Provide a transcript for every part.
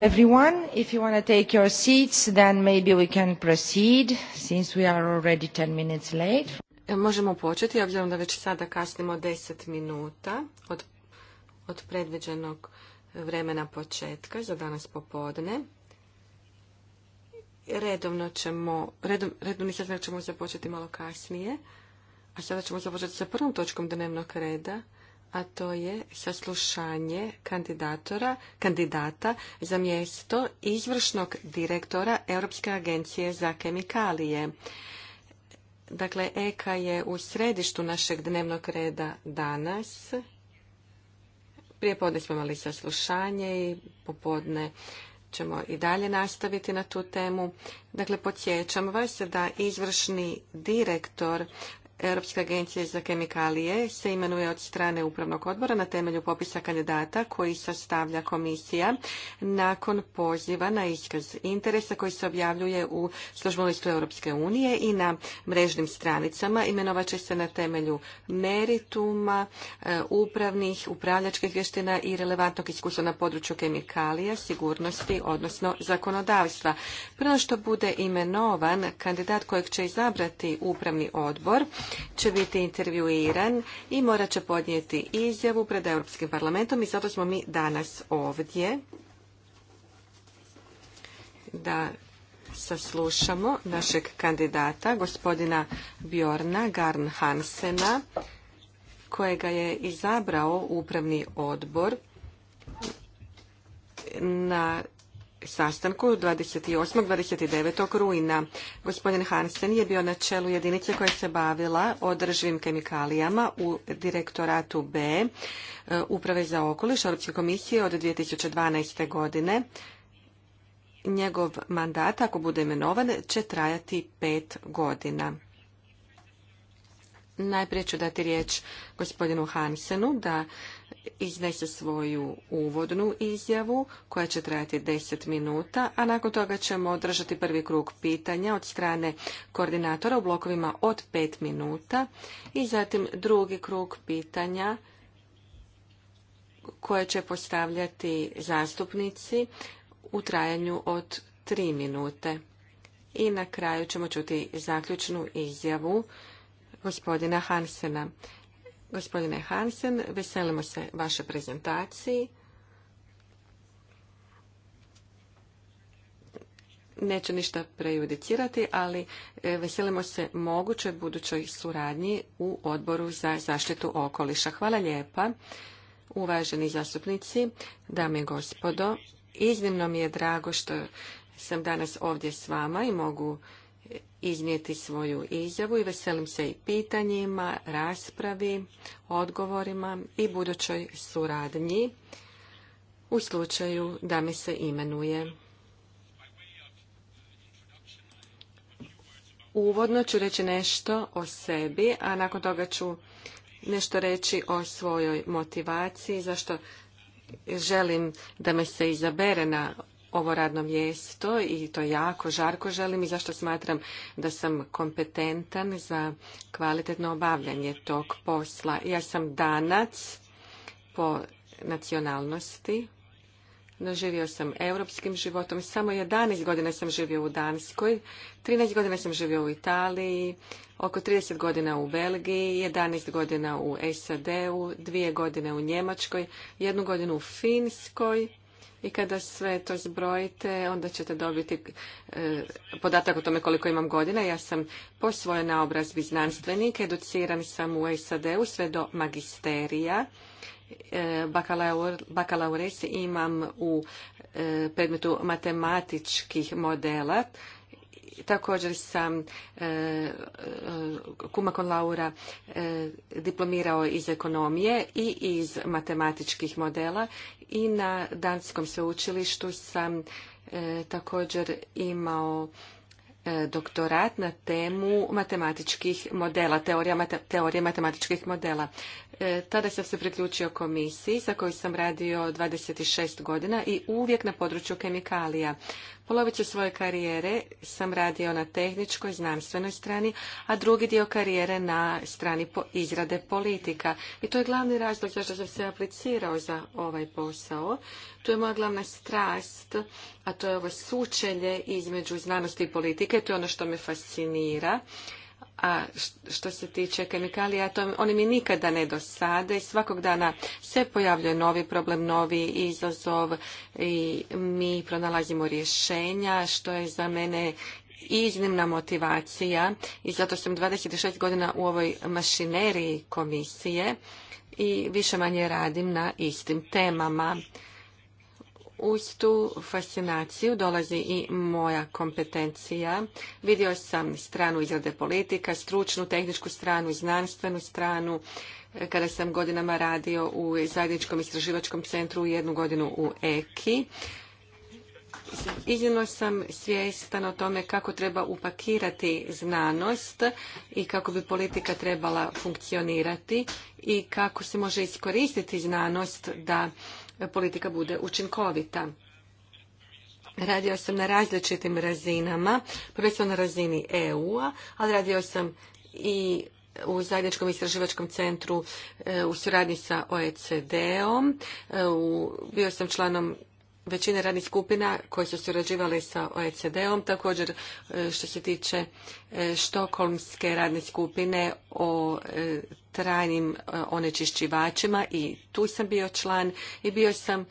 everyone if you want to take your seats then maybe we can proceed since we are already 10 minutes late e, možemo početi obzirom da već sada kasnimo 10 minuta od predviđenog vremena početka za danas popodne redovno ćemo redovni sastanak ćemo započeti malo kasnije a sada ćemo započeti sa prvom točkom dnevnog reda a to je saslušanje kandidatora, kandidata za mjesto izvršnog direktora Europske agencije za kemikalije. Dakle, EKA je u središtu našeg dnevnog reda danas. Prije podne smo imali saslušanje i popodne ćemo i dalje nastaviti na tu temu. Dakle, podsjećam vas da izvršni direktor Europska agencija za kemikalije se imenuje od strane upravnog odbora na temelju popisa kandidata koji sastavlja komisija nakon poziva na iskaz interesa koji se objavljuje u službenom listu Europske unije i na mrežnim stranicama. Imenovat će se na temelju merituma, e, upravnih, upravljačkih vještina i relevantnog iskustva na području kemikalija, sigurnosti, odnosno zakonodavstva. Prvo što bude imenovan kandidat kojeg će izabrati upravni odbor, će biti intervjuiran i morat će podnijeti izjavu pred Europskim parlamentom i zato smo mi danas ovdje da saslušamo našeg kandidata, gospodina Bjorna Garn Hansena, kojega je izabrao upravni odbor na sastanku 28. 29. rujna. Gospodin Hansen je bio na čelu jedinice koja se bavila održivim kemikalijama u direktoratu B e, Uprave za okoliš Europske komisije od 2012. godine. Njegov mandat, ako bude imenovan, će trajati pet godina. Najprije ću dati riječ gospodinu Hansenu da Iznese svoju uvodnu izjavu koja će trajati 10 minuta, a nakon toga ćemo održati prvi krug pitanja od strane koordinatora u blokovima od 5 minuta i zatim drugi krug pitanja koje će postavljati zastupnici u trajanju od 3 minute. I na kraju ćemo čuti zaključnu izjavu gospodina Hansena. Gospodine Hansen, veselimo se vaše prezentaciji. Neću ništa prejudicirati, ali e, veselimo se mogućoj budućoj suradnji u odboru za zaštitu okoliša. Hvala lijepa, uvaženi zastupnici, dame i gospodo. Iznimno mi je drago što sam danas ovdje s vama i mogu iznijeti svoju izjavu i veselim se i pitanjima, raspravi, odgovorima i budućoj suradnji u slučaju da mi se imenuje. Uvodno ću reći nešto o sebi, a nakon toga ću nešto reći o svojoj motivaciji, zašto želim da me se izabere na ovo radno mjesto i to jako žarko želim i zašto smatram da sam kompetentan za kvalitetno obavljanje tog posla. Ja sam danac po nacionalnosti, Doživio sam europskim životom, samo 11 godina sam živio u Danskoj, 13 godina sam živio u Italiji, oko 30 godina u Belgiji, 11 godina u SAD-u, dvije godine u Njemačkoj, jednu godinu u Finskoj, i kada sve to zbrojite, onda ćete dobiti e, podatak o tome koliko imam godina. Ja sam po svojoj naobrazbi znanstvenik, educiran sam u SAD-u sve do magisterija. E, bakalaur, imam u e, predmetu matematičkih modela Također sam e, e, kumakon Laura e, diplomirao iz ekonomije i iz matematičkih modela i na Danskom sveučilištu sam također imao doktorat na temu matematičkih modela, teorija, teorije matematičkih modela. tada sam se priključio komisiji za koju sam radio 26 godina i uvijek na području kemikalija. Polovicu svoje karijere sam radio na tehničkoj, znanstvenoj strani, a drugi dio karijere na strani izrade politika. I to je glavni razlog zašto sam se aplicirao za ovaj posao. Tu je moja glavna strast, a to je ovo sučelje između znanosti i politike. To je ono što me fascinira. A što se tiče kemikalija, to oni mi nikada ne dosade svakog dana se pojavljuje novi problem, novi izazov i mi pronalazimo rješenja, što je za mene iznimna motivacija i zato sam 26 godina u ovoj mašineriji komisije i više manje radim na istim temama. Uz tu fascinaciju dolazi i moja kompetencija. Vidio sam stranu izrade politika, stručnu, tehničku stranu, znanstvenu stranu. Kada sam godinama radio u zajedničkom istraživačkom centru jednu godinu u EKI, iznimno sam svjestan o tome kako treba upakirati znanost i kako bi politika trebala funkcionirati i kako se može iskoristiti znanost da politika bude učinkovita. Radio sam na različitim razinama, prvenstveno na razini EU-a, ali radio sam i u zajedničkom istraživačkom centru e, u suradnji sa OECD-om. E, bio sam članom većine radnih skupina koje su surađivali sa OECD-om, također e, što se tiče e, štokolmske radne skupine o e, trajnim onečišćivačima i tu sam bio član i bio sam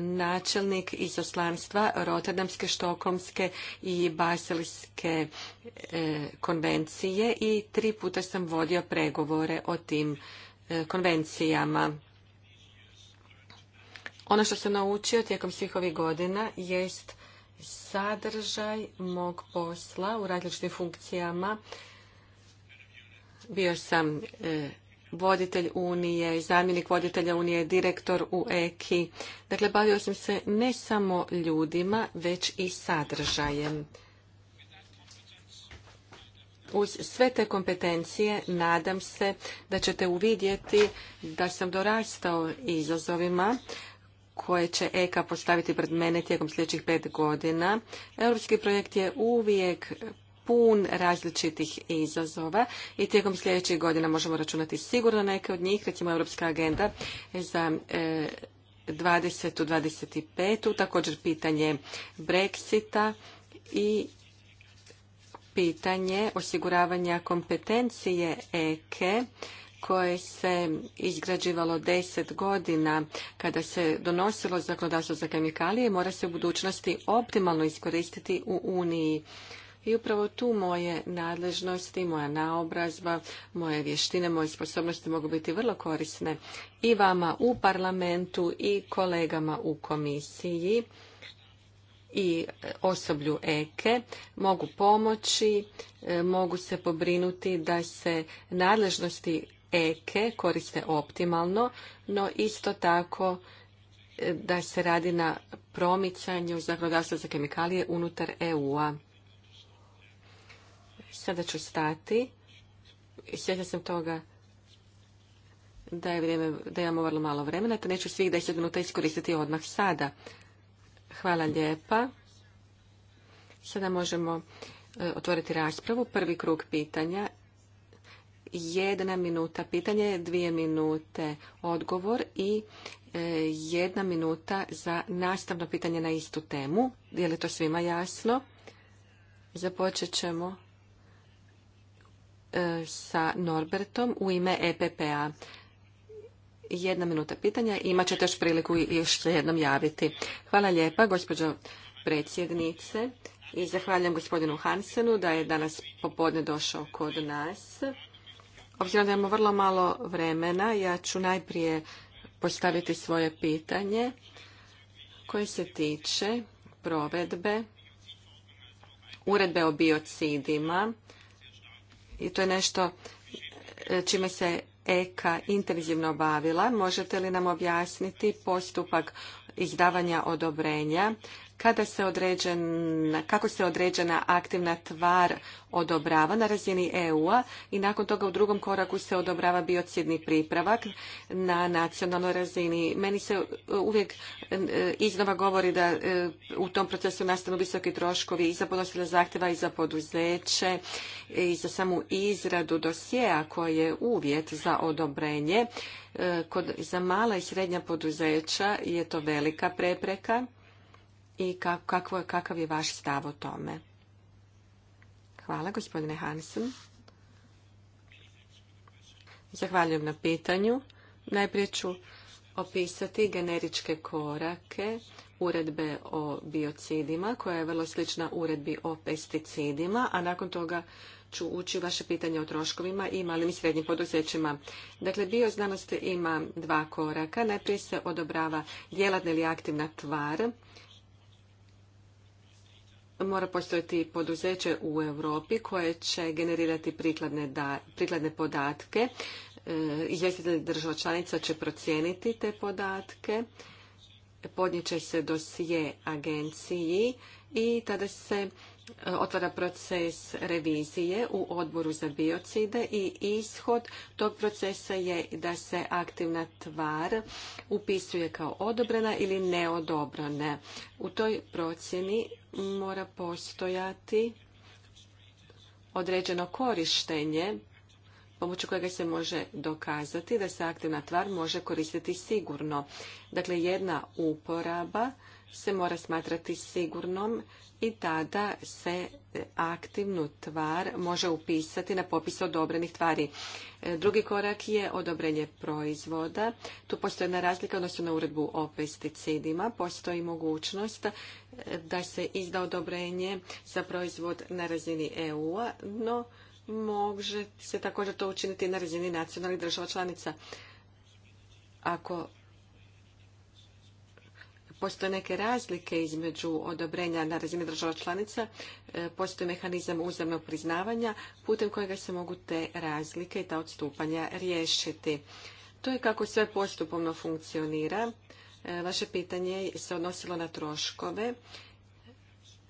načelnik izoslanstva Rotterdamske, Štokolmske i Baselske konvencije i tri puta sam vodio pregovore o tim konvencijama. Ono što sam naučio tijekom svih ovih godina jest sadržaj mog posla u različitim funkcijama. Bio sam e, voditelj Unije, zamjenik voditelja Unije, direktor u EKI. Dakle, bavio sam se ne samo ljudima, već i sadržajem. Uz sve te kompetencije nadam se da ćete uvidjeti da sam dorastao izazovima, koje će EKA postaviti pred mene tijekom sljedećih pet godina. Europski projekt je uvijek pun različitih izazova i tijekom sljedećih godina možemo računati sigurno neke od njih, recimo Europska agenda za 20. E, 25. također pitanje Brexita i pitanje osiguravanja kompetencije EKE koje se izgrađivalo deset godina kada se donosilo zakonodavstvo za kemikalije mora se u budućnosti optimalno iskoristiti u Uniji. I upravo tu moje nadležnosti, moja naobrazba, moje vještine, moje sposobnosti mogu biti vrlo korisne i vama u parlamentu i kolegama u komisiji i osoblju EKE e. mogu pomoći, e, mogu se pobrinuti da se nadležnosti eke koriste optimalno, no isto tako e, da se radi na promicanju zakonodavstva za kemikalije unutar EU-a. Sada ću stati. Sjeća sam toga da, je vrijeme, da imamo vrlo malo vremena, te neću svih deset minuta iskoristiti odmah sada. Hvala lijepa. Sada možemo e, otvoriti raspravu. Prvi krug pitanja jedna minuta pitanje, dvije minute odgovor i e, jedna minuta za nastavno pitanje na istu temu. Je li to svima jasno? Započet ćemo e, sa Norbertom u ime EPPA. Jedna minuta pitanja. Imat ćete još priliku još jednom javiti. Hvala lijepa, gospođo predsjednice. I zahvaljam gospodinu Hansenu da je danas popodne došao kod nas. Obzirom da imamo vrlo malo vremena, ja ću najprije postaviti svoje pitanje koje se tiče provedbe uredbe o biocidima i to je nešto e, čime se EKA intenzivno bavila. Možete li nam objasniti postupak izdavanja odobrenja kada se određena, kako se određena aktivna tvar odobrava na razini EU-a i nakon toga u drugom koraku se odobrava biocidni pripravak na nacionalnoj razini. Meni se uh, uvijek uh, iznova govori da uh, u tom procesu nastanu visoki troškovi i za podnositelja zahtjeva i za poduzeće i za samu izradu dosjea koji je uvjet za odobrenje. Kod, za mala i srednja poduzeća je to velika prepreka i kakvo, kakav je vaš stav o tome. Hvala, gospodine Hansen. Zahvaljujem na pitanju. Najprije ću opisati generičke korake uredbe o biocidima, koja je vrlo slična uredbi o pesticidima, a nakon toga ću ući vaše pitanje o troškovima i malim i srednjim poduzećima. Dakle, bioznanost ima dva koraka. Najprije se odobrava djelatna ili aktivna tvar mora postojati poduzeće u Europi koje će generirati prikladne, da, prikladne podatke. E, izvjestitelj država članica će procijeniti te podatke, podnijet će se dosije agenciji i tada se otvara proces revizije u odboru za biocide i ishod tog procesa je da se aktivna tvar upisuje kao odobrena ili neodobrena. U toj procjeni mora postojati određeno korištenje pomoću kojega se može dokazati da se aktivna tvar može koristiti sigurno. Dakle, jedna uporaba se mora smatrati sigurnom i tada se e, aktivnu tvar može upisati na popis odobrenih tvari. E, drugi korak je odobrenje proizvoda. Tu postoji jedna razlika odnosno na uredbu o pesticidima. Postoji mogućnost e, da se izda odobrenje za proizvod na razini EU-a, no može se također to učiniti na razini nacionalnih država članica. Ako Postoje neke razlike između odobrenja na razini država članica, e, postoji mehanizam uzemnog priznavanja putem kojega se mogu te razlike i ta odstupanja riješiti. To je kako sve postupovno funkcionira. E, vaše pitanje se odnosilo na troškove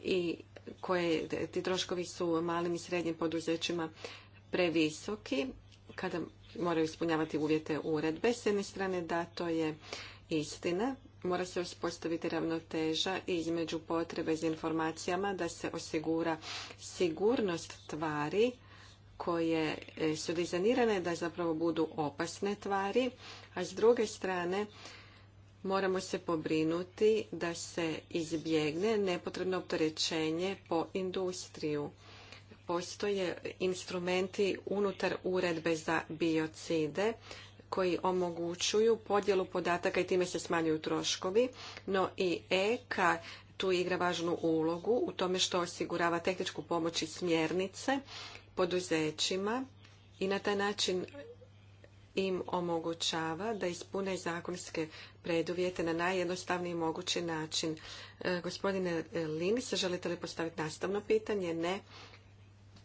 i koje ti troškovi su malim i srednjim poduzećima previsoki kada moraju ispunjavati uvjete uredbe. S jedne strane da to je istina, mora se uspostaviti ravnoteža između potrebe za informacijama da se osigura sigurnost tvari koje e, su dizajnirane da zapravo budu opasne tvari, a s druge strane moramo se pobrinuti da se izbjegne nepotrebno opterećenje po industriju. Postoje instrumenti unutar uredbe za biocide koji omogućuju podjelu podataka i time se smanjuju troškovi, no i EKA tu igra važnu ulogu u tome što osigurava tehničku pomoć i smjernice poduzećima i na taj način im omogućava da ispune zakonske preduvjete na najjednostavniji mogući način. E, gospodine Linis, želite li postaviti nastavno pitanje? Ne.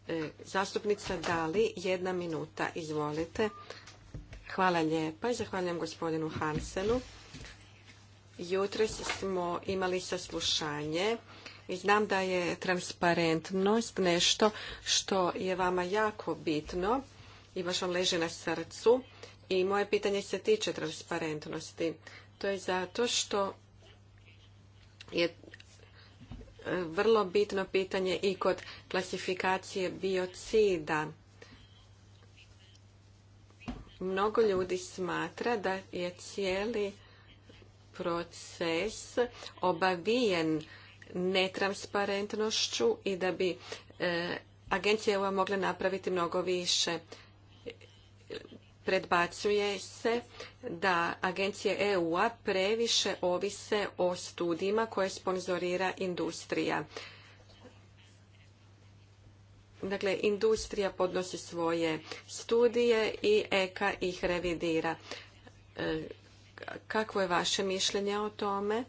E, zastupnica Dali, jedna minuta. Izvolite. Hvala lijepa i zahvaljujem gospodinu Hansenu. Jutros smo imali saslušanje i znam da je transparentnost nešto što je vama jako bitno i baš vam leži na srcu. I moje pitanje se tiče transparentnosti. To je zato što je e, vrlo bitno pitanje i kod klasifikacije biocida. Mnogo ljudi smatra da je cijeli proces obavijen netransparentnošću i da bi e, agencije EU mogle napraviti mnogo više. Predbacuje se da agencije EU-a previše ovise o studijima koje sponzorira industrija. Dakle, industrija podnosi svoje studije i EKA ih revidira. E, kakvo je vaše mišljenje o tome?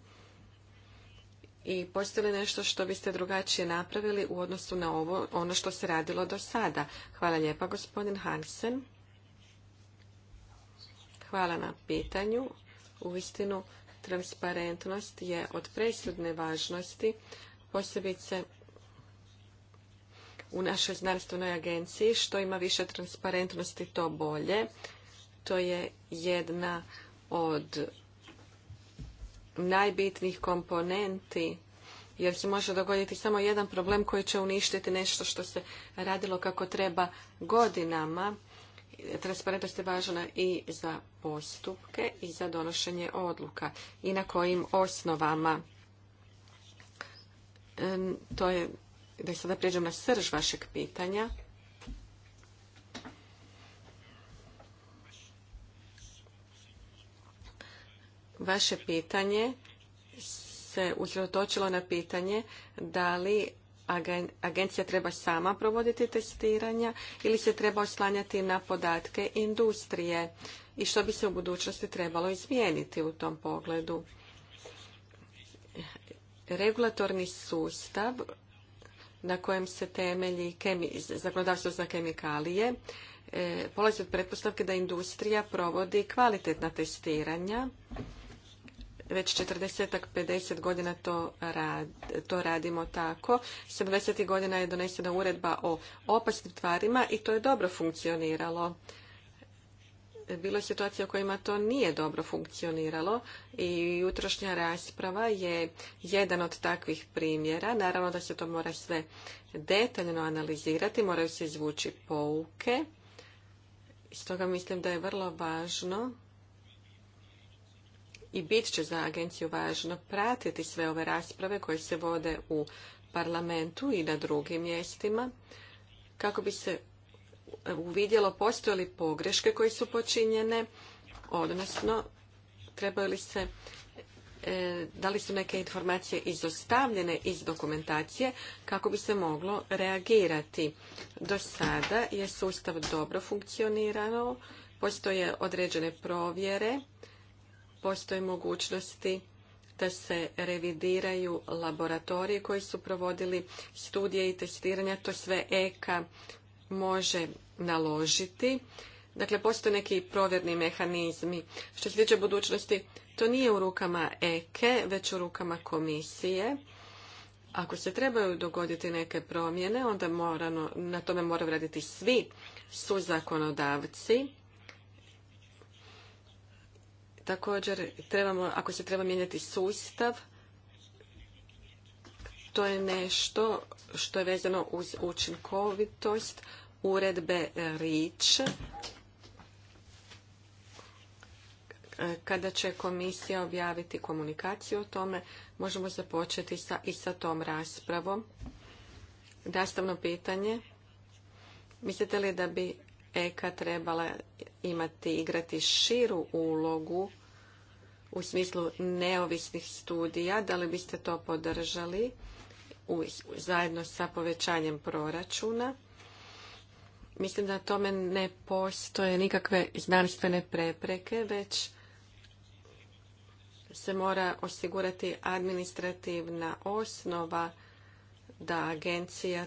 I postoji li nešto što biste drugačije napravili u odnosu na ovo, ono što se radilo do sada? Hvala lijepa, gospodin Hansen. Hvala na pitanju. U istinu, transparentnost je od presudne važnosti, posebice u našoj znanstvenoj agenciji. Što ima više transparentnosti, to bolje. To je jedna od najbitnijih komponenti jer se može dogoditi samo jedan problem koji će uništiti nešto što se radilo kako treba godinama. Transparentnost je važna i za postupke i za donošenje odluka i na kojim osnovama. To je da sada pređem na srž vašeg pitanja. Vaše pitanje se usredotočilo na pitanje da li agencija treba sama provoditi testiranja ili se treba oslanjati na podatke industrije i što bi se u budućnosti trebalo izmijeniti u tom pogledu. Regulatorni sustav na kojem se temelji zakonodavstvo za kemikalije, e, polazi od pretpostavke da industrija provodi kvalitetna testiranja. Već 40-50 godina to, to radimo tako. 70. godina je donesena uredba o opasnim tvarima i to je dobro funkcioniralo bilo je situacija u kojima to nije dobro funkcioniralo i jutrošnja rasprava je jedan od takvih primjera. Naravno da se to mora sve detaljno analizirati, moraju se izvući pouke. Stoga mislim da je vrlo važno i bit će za agenciju važno pratiti sve ove rasprave koje se vode u parlamentu i na drugim mjestima kako bi se uvidjelo postoje li pogreške koje su počinjene, odnosno trebaju li se e, da li su neke informacije izostavljene iz dokumentacije kako bi se moglo reagirati. Do sada je sustav dobro funkcionirao, postoje određene provjere, postoje mogućnosti da se revidiraju laboratorije koji su provodili studije i testiranja, to sve EKA može naložiti. Dakle, postoje neki provjerni mehanizmi. Što se tiče budućnosti, to nije u rukama EKE, e, već u rukama komisije. Ako se trebaju dogoditi neke promjene, onda morano, na tome moraju raditi svi suzakonodavci. Također, trebamo, ako se treba mijenjati sustav, to je nešto što je vezano uz učinkovitost uredbe Rič. kada će komisija objaviti komunikaciju o tome, možemo započeti sa, i sa tom raspravom. Nastavno pitanje. Mislite li da bi EKA trebala imati, igrati širu ulogu u smislu neovisnih studija? Da li biste to podržali? zajedno sa povećanjem proračuna. Mislim da tome ne postoje nikakve znanstvene prepreke, već se mora osigurati administrativna osnova da agencija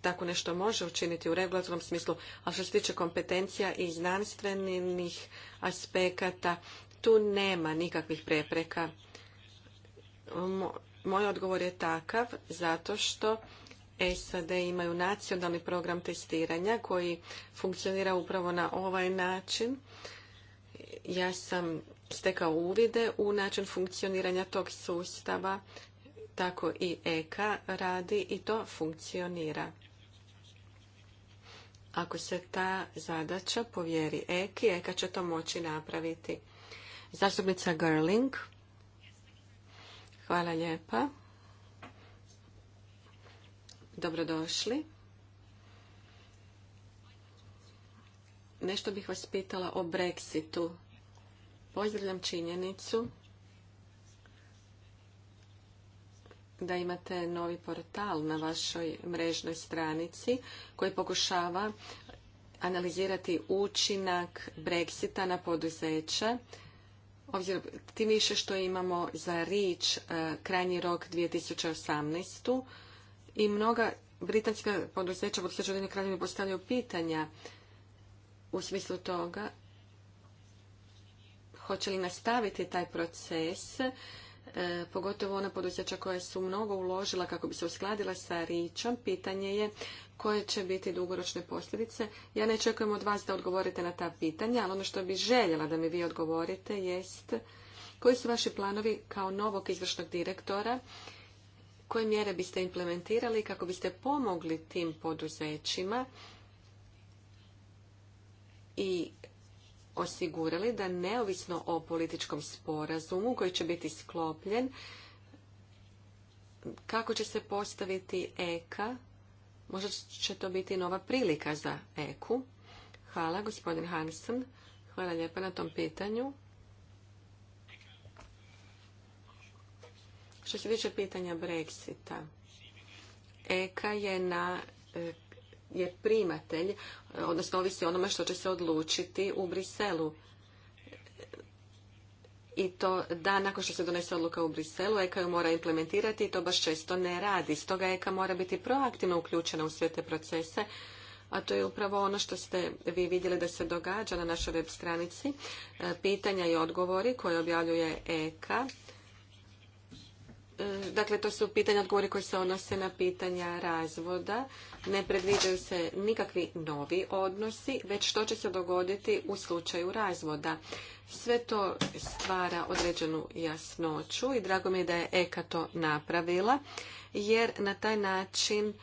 tako nešto može učiniti u regulatornom smislu, a što se tiče kompetencija i znanstvenih aspekata, tu nema nikakvih prepreka. Moj odgovor je takav zato što SAD imaju nacionalni program testiranja koji funkcionira upravo na ovaj način. Ja sam stekao uvide u način funkcioniranja tog sustava, tako i EKA radi i to funkcionira. Ako se ta zadaća povjeri EKI, EK će to moći napraviti. Zastupnica Gerling. Hvala lijepa. Dobrodošli. Nešto bih vas pitala o Brexitu. Pozdravljam činjenicu da imate novi portal na vašoj mrežnoj stranici koji pokušava analizirati učinak Brexita na poduzeće obzirom tim više što imamo za rič e, krajnji rok 2018. i mnoga britanska poduzeća od Sređenja postavljaju pitanja u smislu toga hoće li nastaviti taj proces E, pogotovo ona poduzeća koja su mnogo uložila kako bi se uskladila sa ričom. Pitanje je koje će biti dugoročne posljedice. Ja ne očekujem od vas da odgovorite na ta pitanja, ali ono što bi željela da mi vi odgovorite jest koji su vaši planovi kao novog izvršnog direktora, koje mjere biste implementirali kako biste pomogli tim poduzećima i osigurali da neovisno o političkom sporazumu koji će biti sklopljen, kako će se postaviti EKA, možda će to biti nova prilika za EKU. Hvala, gospodin Hansen. Hvala lijepa na tom pitanju. Što se tiče pitanja Brexita, EKA je na e, je primatelj, e, odnosno ovisi onome što će se odlučiti u Briselu. I to da, nakon što se donese odluka u Briselu, EKA ju mora implementirati i to baš često ne radi. Stoga EKA mora biti proaktivno uključena u sve te procese, a to je upravo ono što ste vi vidjeli da se događa na našoj web stranici. E, pitanja i odgovori koje objavljuje EKA Dakle, to su pitanja odgovori koji se odnose na pitanja razvoda. Ne predviđaju se nikakvi novi odnosi, već što će se dogoditi u slučaju razvoda. Sve to stvara određenu jasnoću i drago mi je da je Eka to napravila, jer na taj način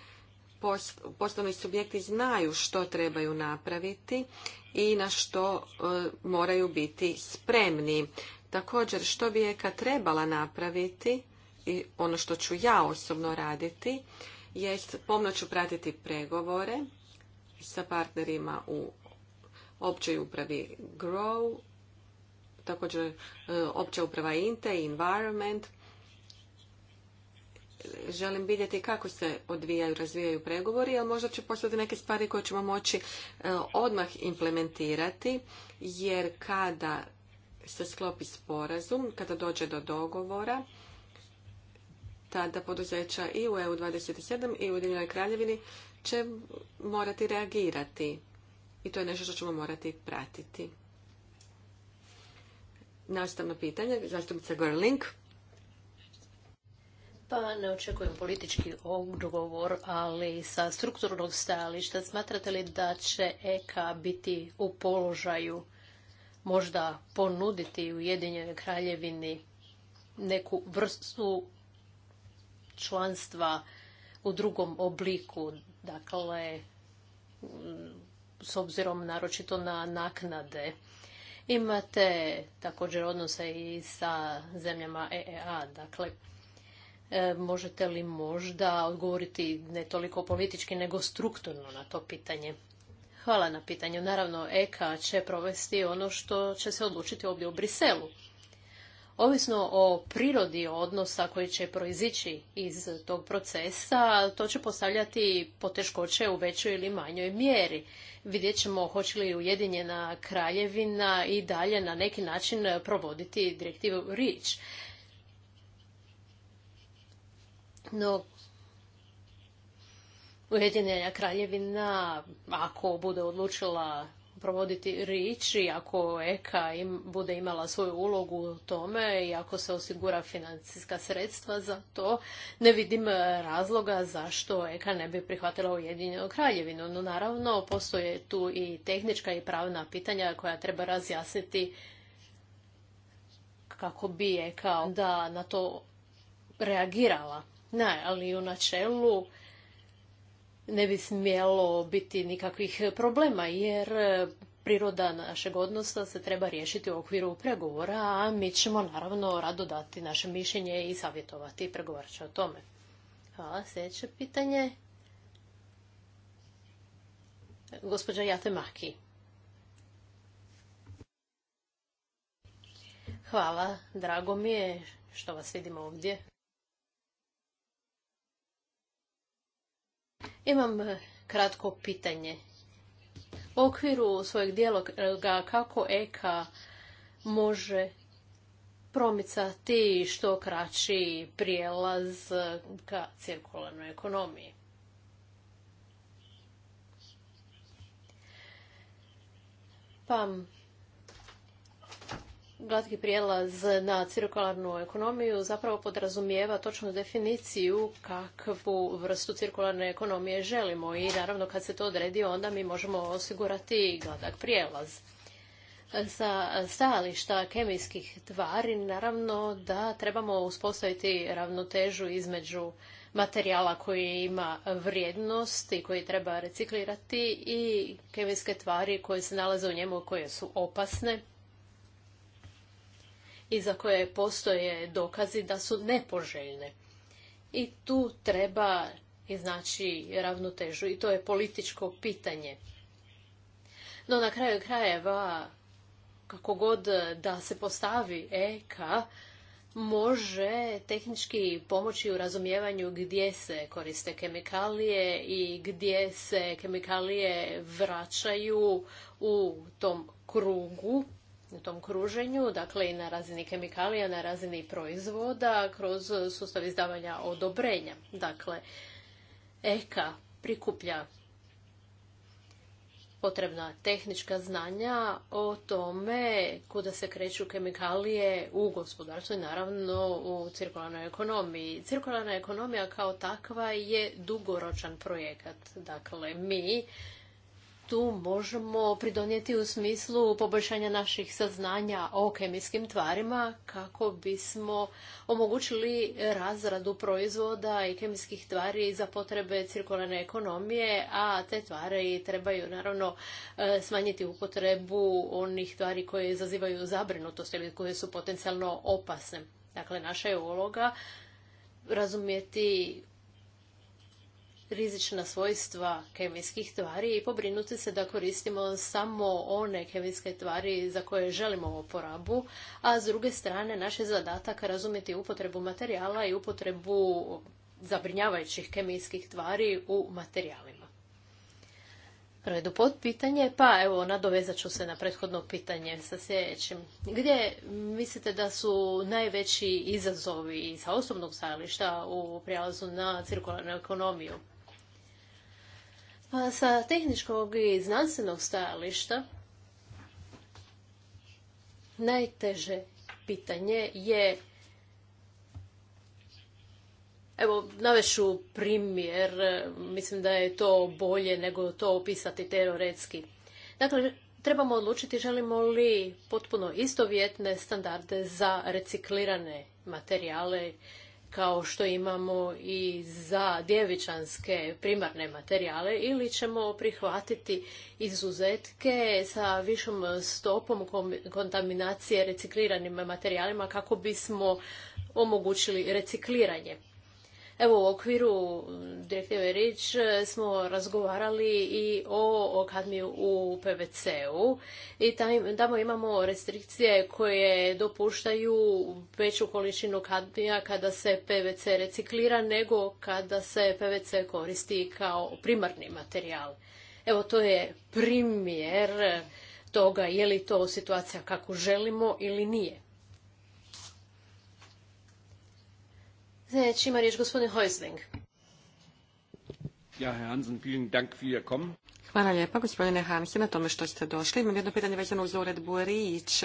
poslovni subjekti znaju što trebaju napraviti i na što e, moraju biti spremni. Također, što bi Eka trebala napraviti i ono što ću ja osobno raditi jest pomno pratiti pregovore sa partnerima u općoj upravi Grow, također e, opća uprava INTE i Environment. Želim vidjeti kako se odvijaju, razvijaju pregovori, ali možda će postati neke stvari koje ćemo moći e, odmah implementirati, jer kada se sklopi sporazum, kada dođe do dogovora, tada poduzeća i u EU27 i u Ujedinjenoj kraljevini će morati reagirati. I to je nešto što ćemo morati pratiti. Nastavno pitanje, zastupnica Gorlink. Pa ne očekujem politički odgovor, ali sa strukturnog stajališta smatrate li da će EK biti u položaju možda ponuditi Ujedinjenoj kraljevini neku vrstu članstva u drugom obliku, dakle s obzirom naročito na naknade. Imate također odnose i sa zemljama EEA, dakle e, možete li možda odgovoriti ne toliko politički nego strukturno na to pitanje? Hvala na pitanju. Naravno, EKA će provesti ono što će se odlučiti ovdje u Briselu. Ovisno o prirodi odnosa koji će proizići iz tog procesa, to će postavljati poteškoće u većoj ili manjoj mjeri. Vidjet ćemo hoće li Ujedinjena kraljevina i dalje na neki način provoditi direktivu REACH. No, Ujedinjena kraljevina, ako bude odlučila provoditi riči, ako EKA im bude imala svoju ulogu u tome i ako se osigura financijska sredstva za to, ne vidim e, razloga zašto EKA ne bi prihvatila Ujedinjenu kraljevinu. No naravno, postoje tu i tehnička i pravna pitanja koja treba razjasniti kako bi EKA da na to reagirala. Ne, ali u načelu ne bi smjelo biti nikakvih problema jer e, priroda našeg odnosa se treba riješiti u okviru pregovora, a mi ćemo naravno rado dati naše mišljenje i savjetovati i pregovarat o tome. Hvala. Sljedeće pitanje. Gospođa Jate Maki. Hvala. Drago mi je što vas vidimo ovdje. Imam eh, kratko pitanje. U okviru svojeg dijeloga, kako EKA može promicati što kraći prijelaz ka cirkularnoj ekonomiji. Pa glatki prijelaz na cirkularnu ekonomiju zapravo podrazumijeva točnu definiciju kakvu vrstu cirkularne ekonomije želimo i naravno kad se to odredi onda mi možemo osigurati gladak prijelaz. Sa stajališta kemijskih tvari naravno da trebamo uspostaviti ravnotežu između materijala koji ima vrijednost i koji treba reciklirati i kemijske tvari koje se nalaze u njemu koje su opasne i za koje postoje dokazi da su nepoželjne. I tu treba iznaći ravnotežu i to je političko pitanje. No na kraju krajeva, kako god da se postavi EKA, može tehnički pomoći u razumijevanju gdje se koriste kemikalije i gdje se kemikalije vraćaju u tom krugu u tom kruženju, dakle i na razini kemikalija, na razini proizvoda, kroz sustav izdavanja odobrenja. Dakle, EKA prikuplja potrebna tehnička znanja o tome kuda se kreću kemikalije u gospodarstvu i naravno u cirkularnoj ekonomiji. Cirkularna ekonomija kao takva je dugoročan projekat. Dakle, mi tu možemo pridonijeti u smislu poboljšanja naših saznanja o kemijskim tvarima kako bismo omogućili razradu proizvoda i kemijskih tvari za potrebe cirkularne ekonomije, a te tvari trebaju naravno e, smanjiti upotrebu onih tvari koje izazivaju zabrinutost ili koje su potencijalno opasne. Dakle, naša je uloga razumjeti rizična svojstva kemijskih tvari i pobrinuti se da koristimo samo one kemijske tvari za koje želimo oporabu, a s druge strane naš je zadatak razumjeti upotrebu materijala i upotrebu zabrinjavajućih kemijskih tvari u materijalima. Redu pitanje, pa evo nadovezat ću se na prethodno pitanje sa sljedećim. Gdje mislite da su najveći izazovi sa osobnog stajališta u prijelazu na cirkularnu ekonomiju? Pa sa tehničkog i znanstvenog stajališta najteže pitanje je Evo, navešu primjer, mislim da je to bolje nego to opisati teoretski. Dakle, trebamo odlučiti želimo li potpuno istovjetne standarde za reciklirane materijale kao što imamo i za djevičanske primarne materijale ili ćemo prihvatiti izuzetke sa višom stopom kontaminacije recikliranim materijalima kako bismo omogućili recikliranje. Evo u okviru mm, direktive Rič e, smo razgovarali i o, kadmiju u PVC-u i tamo imamo restrikcije koje dopuštaju veću količinu kadmija kada se PVC reciklira nego kada se PVC koristi kao primarni materijal. Evo to je primjer toga je li to situacija kako želimo ili nije. ima riječ gospodin Hojsling. Hvala lijepa, gospodine Hansen, na tome što ste došli. Imam jedno pitanje vezano uz uredbu Rič.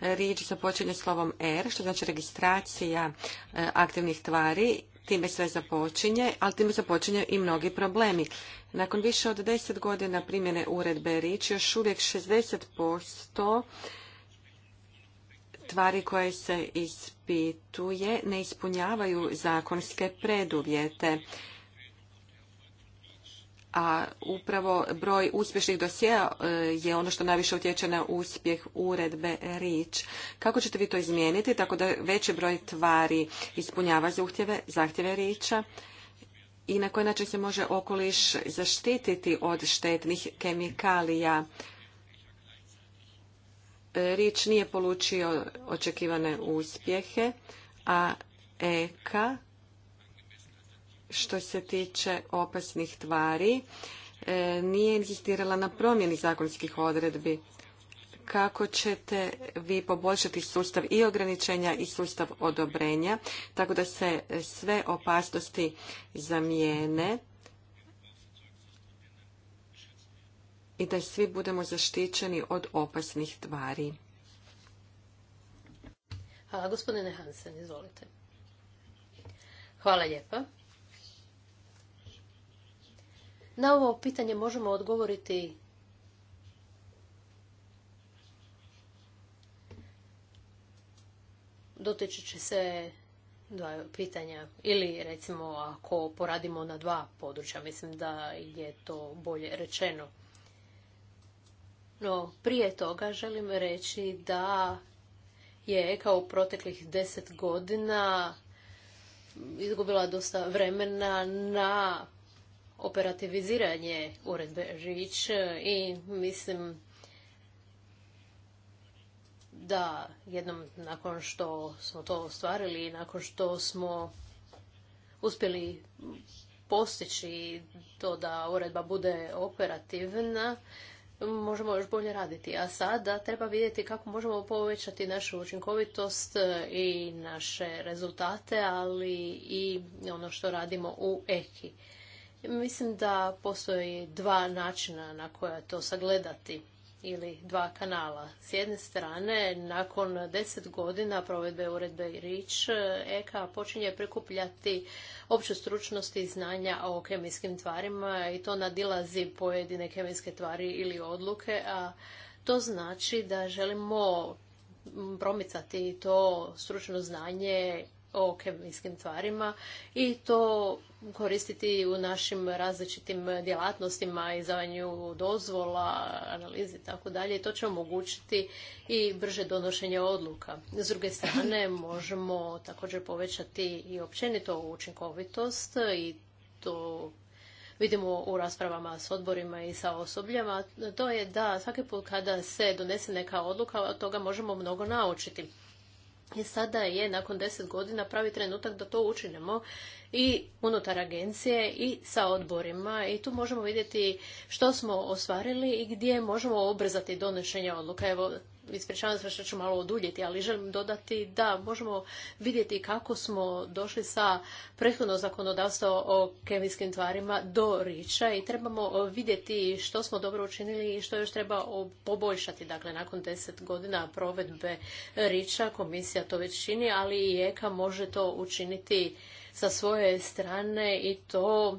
Rič započinje slovom R, što znači registracija eh, aktivnih tvari. Time sve započinje, ali time započinje i mnogi problemi. Nakon više od deset godina primjene uredbe Rič, još uvijek 60% tvari koje se iz ispituje ne ispunjavaju zakonske preduvjete a upravo broj uspješnih dosjea e, je ono što najviše utječe na uspjeh uredbe rič. Kako ćete vi to izmijeniti tako da veći broj tvari ispunjava zahtjeve, riča i na koji način se može okoliš zaštititi od štetnih kemikalija? Rič nije polučio očekivane uspjehe, a Eka, što se tiče opasnih tvari, e, nije insistirala na promjeni zakonskih odredbi. Kako ćete vi poboljšati sustav i ograničenja i sustav odobrenja, tako da se sve opasnosti zamijene? i da svi budemo zaštićeni od opasnih tvari. Hvala, gospodine Hansen, izvolite. Hvala lijepa. Na ovo pitanje možemo odgovoriti će se dva pitanja ili recimo ako poradimo na dva područja, mislim da je to bolje rečeno. No, prije toga želim reći da je kao u proteklih deset godina izgubila dosta vremena na operativiziranje uredbe Žić i mislim da jednom nakon što smo to ostvarili i nakon što smo uspjeli postići to da uredba bude operativna, možemo još bolje raditi. A sada treba vidjeti kako možemo povećati našu učinkovitost e, i naše rezultate, ali i ono što radimo u EHI. Mislim da postoji dva načina na koja to sagledati ili dva kanala. S jedne strane, nakon deset godina provedbe uredbe RIČ, EKA počinje prikupljati opću stručnost i znanja o kemijskim tvarima i to nadilazi pojedine kemijske tvari ili odluke, a to znači da želimo promicati to stručno znanje o kemijskim tvarima i to koristiti u našim različitim djelatnostima, izdavanju dozvola, analizi i tako dalje. I to će omogućiti i brže donošenje odluka. S druge strane, možemo također povećati i općenito učinkovitost i to vidimo u raspravama s odborima i sa osobljama, to je da svaki put kada se donese neka odluka, od toga možemo mnogo naučiti. I sada je nakon deset godina pravi trenutak da to učinimo i unutar agencije i sa odborima i tu možemo vidjeti što smo ostvarili i gdje možemo obrzati donošenje odluka. Evo, ispričavam se što ću malo oduljiti, ali želim dodati da možemo vidjeti kako smo došli sa prethodno zakonodavstvo o kemijskim tvarima do riča i trebamo vidjeti što smo dobro učinili i što još treba poboljšati. Dakle, nakon deset godina provedbe riča komisija to već čini, ali i EKA može to učiniti sa svoje strane i to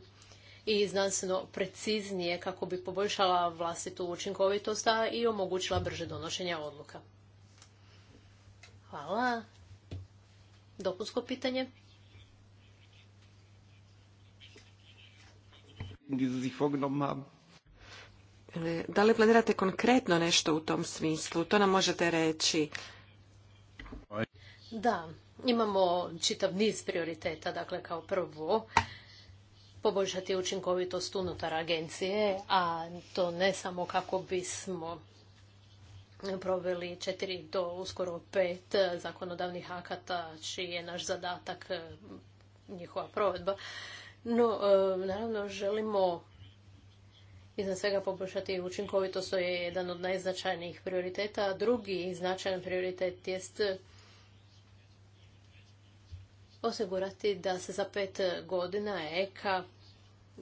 i znanstveno preciznije kako bi poboljšala vlastitu učinkovitost i omogućila brže donošenje odluka. Hvala. Dopunsko pitanje. E, da li planirate konkretno nešto u tom smislu? To nam možete reći. Da, imamo čitav niz prioriteta. Dakle, kao prvo, poboljšati učinkovitost unutar agencije, a to ne samo kako bismo proveli četiri do uskoro pet zakonodavnih akata, čiji je naš zadatak e, njihova provedba. No, e, naravno, želimo iznad svega poboljšati učinkovitost, to je jedan od najznačajnijih prioriteta. Drugi značajan prioritet jest osigurati da se za pet godina EKA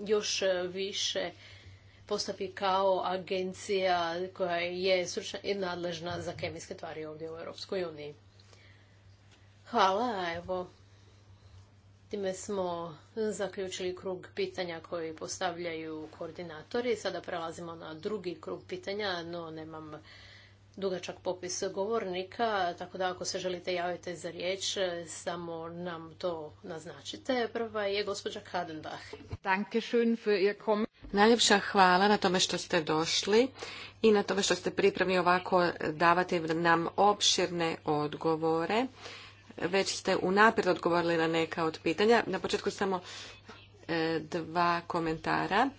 još više postavi kao agencija koja je i nadležna za kemijske tvari ovdje u Europskoj uniji. Hvala, evo. Time smo zaključili krug pitanja koji postavljaju koordinatori. Sada prelazimo na drugi krug pitanja, no nemam dugačak popis govornika, tako da ako se želite javiti za riječ, samo nam to naznačite. Prva je gospođa Kadenbach. Najljepša hvala na tome što ste došli i na tome što ste pripremni ovako davati nam opširne odgovore. Već ste unaprijed odgovorili na neka od pitanja. Na početku samo e, dva komentara.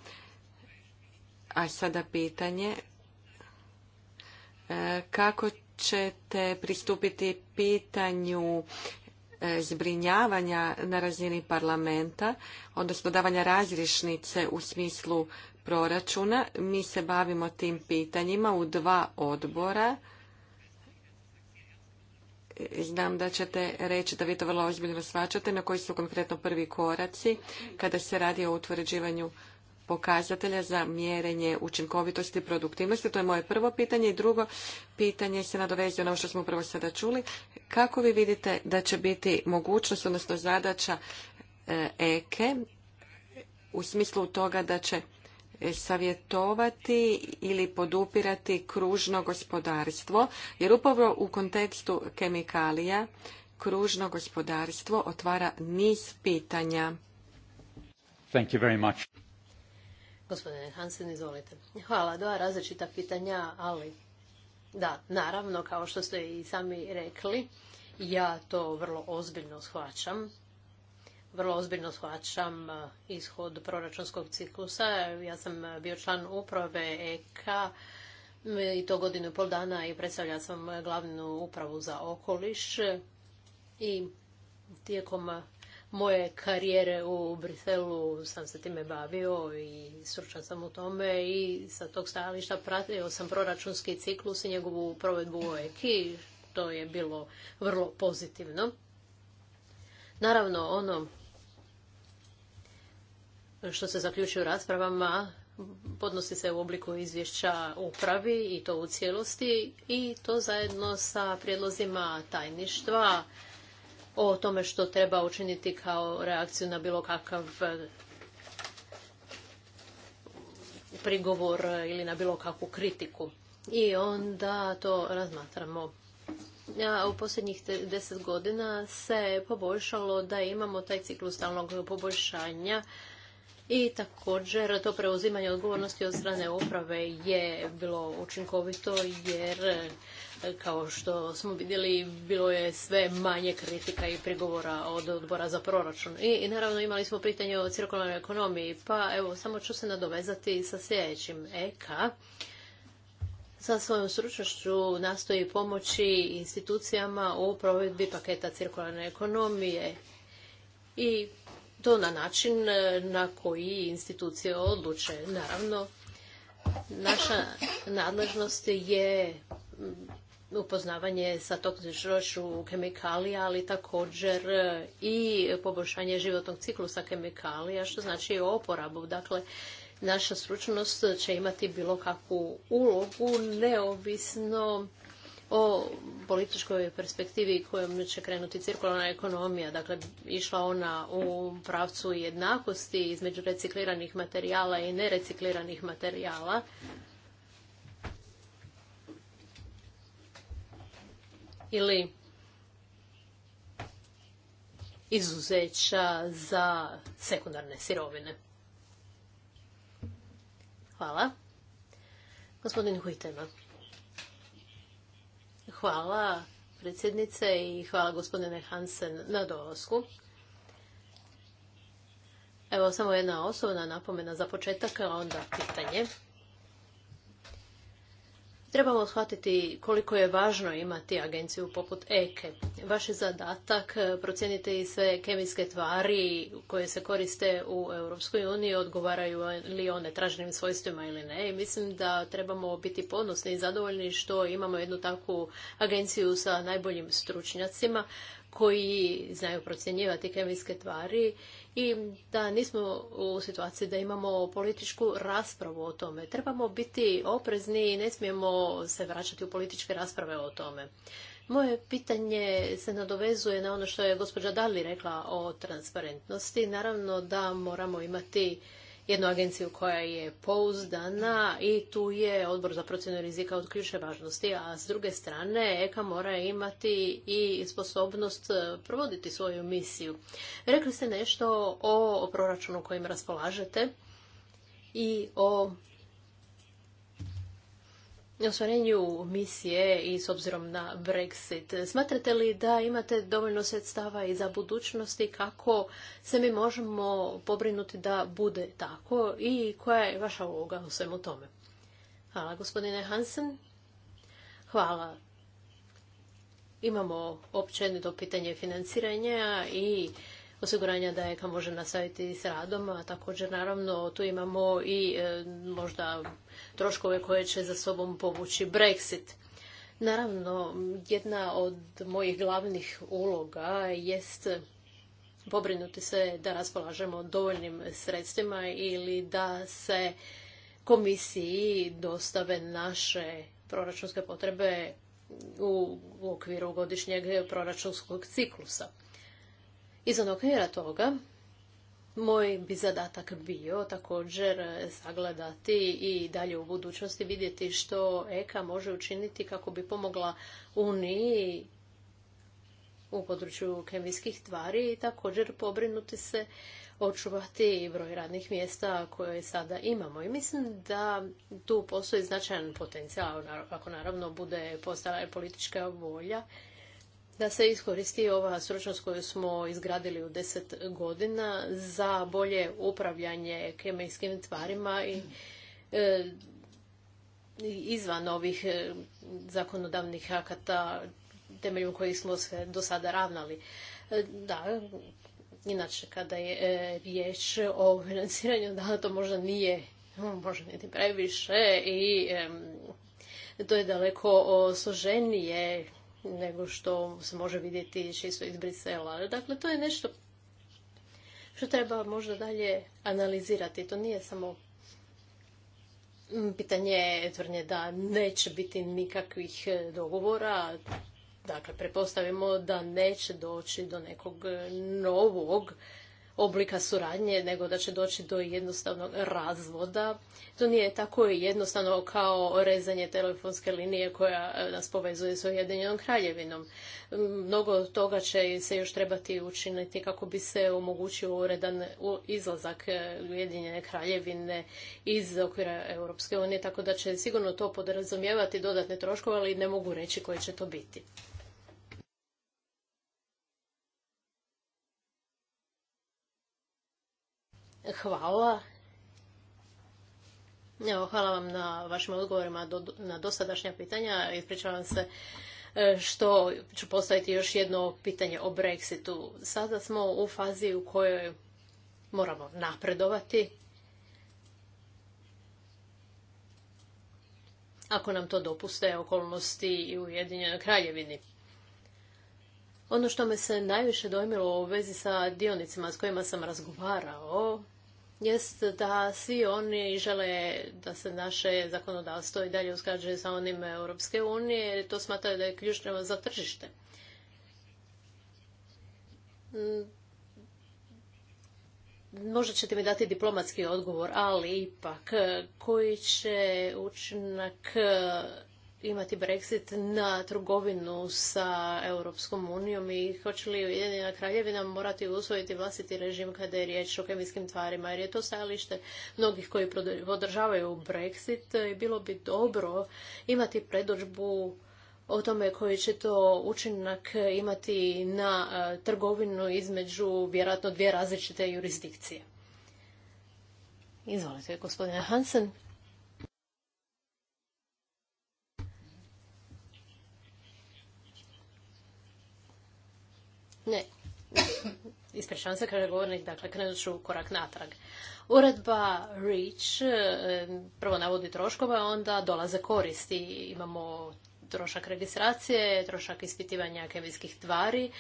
A sada pitanje E, kako ćete pristupiti pitanju e, zbrinjavanja na razini parlamenta, odnosno davanja razrišnice u smislu proračuna. Mi se bavimo tim pitanjima u dva odbora. E, znam da ćete reći da vi to vrlo ozbiljno svačate, na koji su konkretno prvi koraci kada se radi o utvrđivanju pokazatelja za mjerenje učinkovitosti i produktivnosti? To je moje prvo pitanje. I drugo pitanje se nadovezuje na ono što smo upravo sada čuli. Kako vi vidite da će biti mogućnost, odnosno zadaća EKE e e u smislu toga da će savjetovati ili podupirati kružno gospodarstvo, jer upravo u kontekstu kemikalija kružno gospodarstvo otvara niz pitanja. Thank Gospodine Hansen, izvolite. Hvala, dva različita pitanja, ali da, naravno, kao što ste i sami rekli, ja to vrlo ozbiljno shvaćam. Vrlo ozbiljno shvaćam e, ishod proračunskog ciklusa. Ja sam bio član uprave EK e, i to godinu i pol dana i predstavlja sam glavnu upravu za okoliš. I tijekom moje karijere u Briselu sam se time bavio i stručan sam u tome i sa tog stajališta pratio sam proračunski ciklus i njegovu provedbu u EKI, to je bilo vrlo pozitivno. Naravno, ono što se zaključi u raspravama podnosi se u obliku izvješća upravi i to u cijelosti i to zajedno sa prijedlozima tajništva, o tome što treba učiniti kao reakciju na bilo kakav eh, prigovor ili na bilo kakvu kritiku. I onda to razmatramo. ja u posljednjih deset godina se poboljšalo da imamo taj ciklus stalnog poboljšanja i također to preuzimanje odgovornosti od strane uprave je bilo učinkovito jer kao što smo vidjeli bilo je sve manje kritika i prigovora od odbora za proračun. I, naravno imali smo pitanje o cirkularnoj ekonomiji pa evo samo ću se nadovezati sa sljedećim EKA sa svojom stručnošću nastoji pomoći institucijama u provedbi paketa cirkularne ekonomije i to na način e, na koji institucije odluče. Naravno, naša nadležnost je mm, upoznavanje sa toksičnošću kemikalija, ali također e, i poboljšanje životnog ciklusa kemikalija, što znači i oporabu. Dakle, naša stručnost će imati bilo kakvu ulogu, neovisno o političkoj perspektivi kojom će krenuti cirkularna ekonomija. Dakle, išla ona u pravcu jednakosti između recikliranih materijala i nerecikliranih materijala. Ili izuzeća za sekundarne sirovine. Hvala. Gospodin Huitema. Hvala predsjednice i hvala gospodine Hansen na dolazku. Evo samo jedna osobna napomena za početak, a onda pitanje. Trebamo shvatiti koliko je važno imati agenciju poput EKE. Vaš je zadatak procijeniti sve kemijske tvari koje se koriste u Europskoj uniji, odgovaraju li one traženim svojstvima ili ne. I mislim da trebamo biti ponosni i zadovoljni što imamo jednu takvu agenciju sa najboljim stručnjacima koji znaju procjenjivati kemijske tvari i da nismo u situaciji da imamo političku raspravu o tome. Trebamo biti oprezni i ne smijemo se vraćati u političke rasprave o tome. Moje pitanje se nadovezuje na ono što je gospođa Dali rekla o transparentnosti. Naravno da moramo imati jednu agenciju koja je pouzdana i tu je odbor za procjenu rizika od ključne važnosti, a s druge strane EKA mora imati i sposobnost e, provoditi svoju misiju. Rekli ste nešto o proračunu kojim raspolažete i o ostvarenju misije i s obzirom na Brexit. Smatrate li da imate dovoljno sredstava i za i kako se mi možemo pobrinuti da bude tako i koja je vaša uloga u svemu tome? Hvala gospodine Hansen. Hvala. Imamo općenito pitanje financiranja i osiguranja da je može nastaviti s radom, a također naravno tu imamo i e, možda troškove koje će za sobom povući Brexit. Naravno, jedna od mojih glavnih uloga jest pobrinuti se da raspolažemo dovoljnim sredstvima ili da se komisiji dostave naše proračunske potrebe u okviru godišnjeg proračunskog ciklusa onog okvira toga, moj bi zadatak bio također e, sagledati i dalje u budućnosti vidjeti što EKA može učiniti kako bi pomogla Uniji u području kemijskih tvari i također pobrinuti se očuvati broj radnih mjesta koje sada imamo. I mislim da tu postoji značajan potencijal, ako naravno bude postala politička volja da se iskoristi ova stručnost koju smo izgradili u deset godina za bolje upravljanje kemijskim tvarima i e, izvan ovih e, zakonodavnih akata temelju kojih smo se do sada ravnali. E, da, inače kada je riječ o financiranju, da to možda nije, možda niti previše i to je daleko složenije nego što se može vidjeti čisto iz Brisela. Dakle, to je nešto što treba možda dalje analizirati. To nije samo pitanje tvrdnje da neće biti nikakvih dogovora. Dakle, prepostavimo da neće doći do nekog novog oblika suradnje, nego da će doći do jednostavnog razvoda. To nije tako jednostavno kao rezanje telefonske linije koja e, nas povezuje s Ujedinjenom kraljevinom. Mnogo toga će se još trebati učiniti kako bi se omogućio uredan izlazak e, Ujedinjene kraljevine iz okvira Europske unije, tako da će sigurno to podrazumijevati dodatne troškove, ali ne mogu reći koje će to biti. Hvala. Evo, hvala vam na vašim odgovorima na dosadašnja pitanja. Ispričavam se e, što ću postaviti još jedno pitanje o Brexitu. Sada smo u fazi u kojoj moramo napredovati. Ako nam to dopuste okolnosti i u Ujedinjenoj kraljevini. Ono što me se najviše dojmilo u vezi sa dionicima s kojima sam razgovarao jest da svi oni žele da se naše zakonodavstvo i dalje usklađuje sa onim Europske unije jer to smatraju da je ključno za tržište. Mm, možda ćete mi dati diplomatski odgovor, ali ipak koji će učinak imati Brexit na trgovinu sa Europskom unijom i hoće li Ujedinjena kraljevina morati usvojiti vlastiti režim kada je riječ o kemijskim tvarima, jer je to stajalište mnogih koji podržavaju Brexit i bilo bi dobro imati predođbu o tome koji će to učinak imati na e, trgovinu između vjerojatno dvije različite jurisdikcije. Izvolite, gospodine Hansen. Ne, ispričavam se, kaže govornik, dakle krenut ću korak natrag. Uredba REACH e, prvo navodi troškove, onda dolaze koristi. Imamo trošak registracije, trošak ispitivanja kemijskih tvari,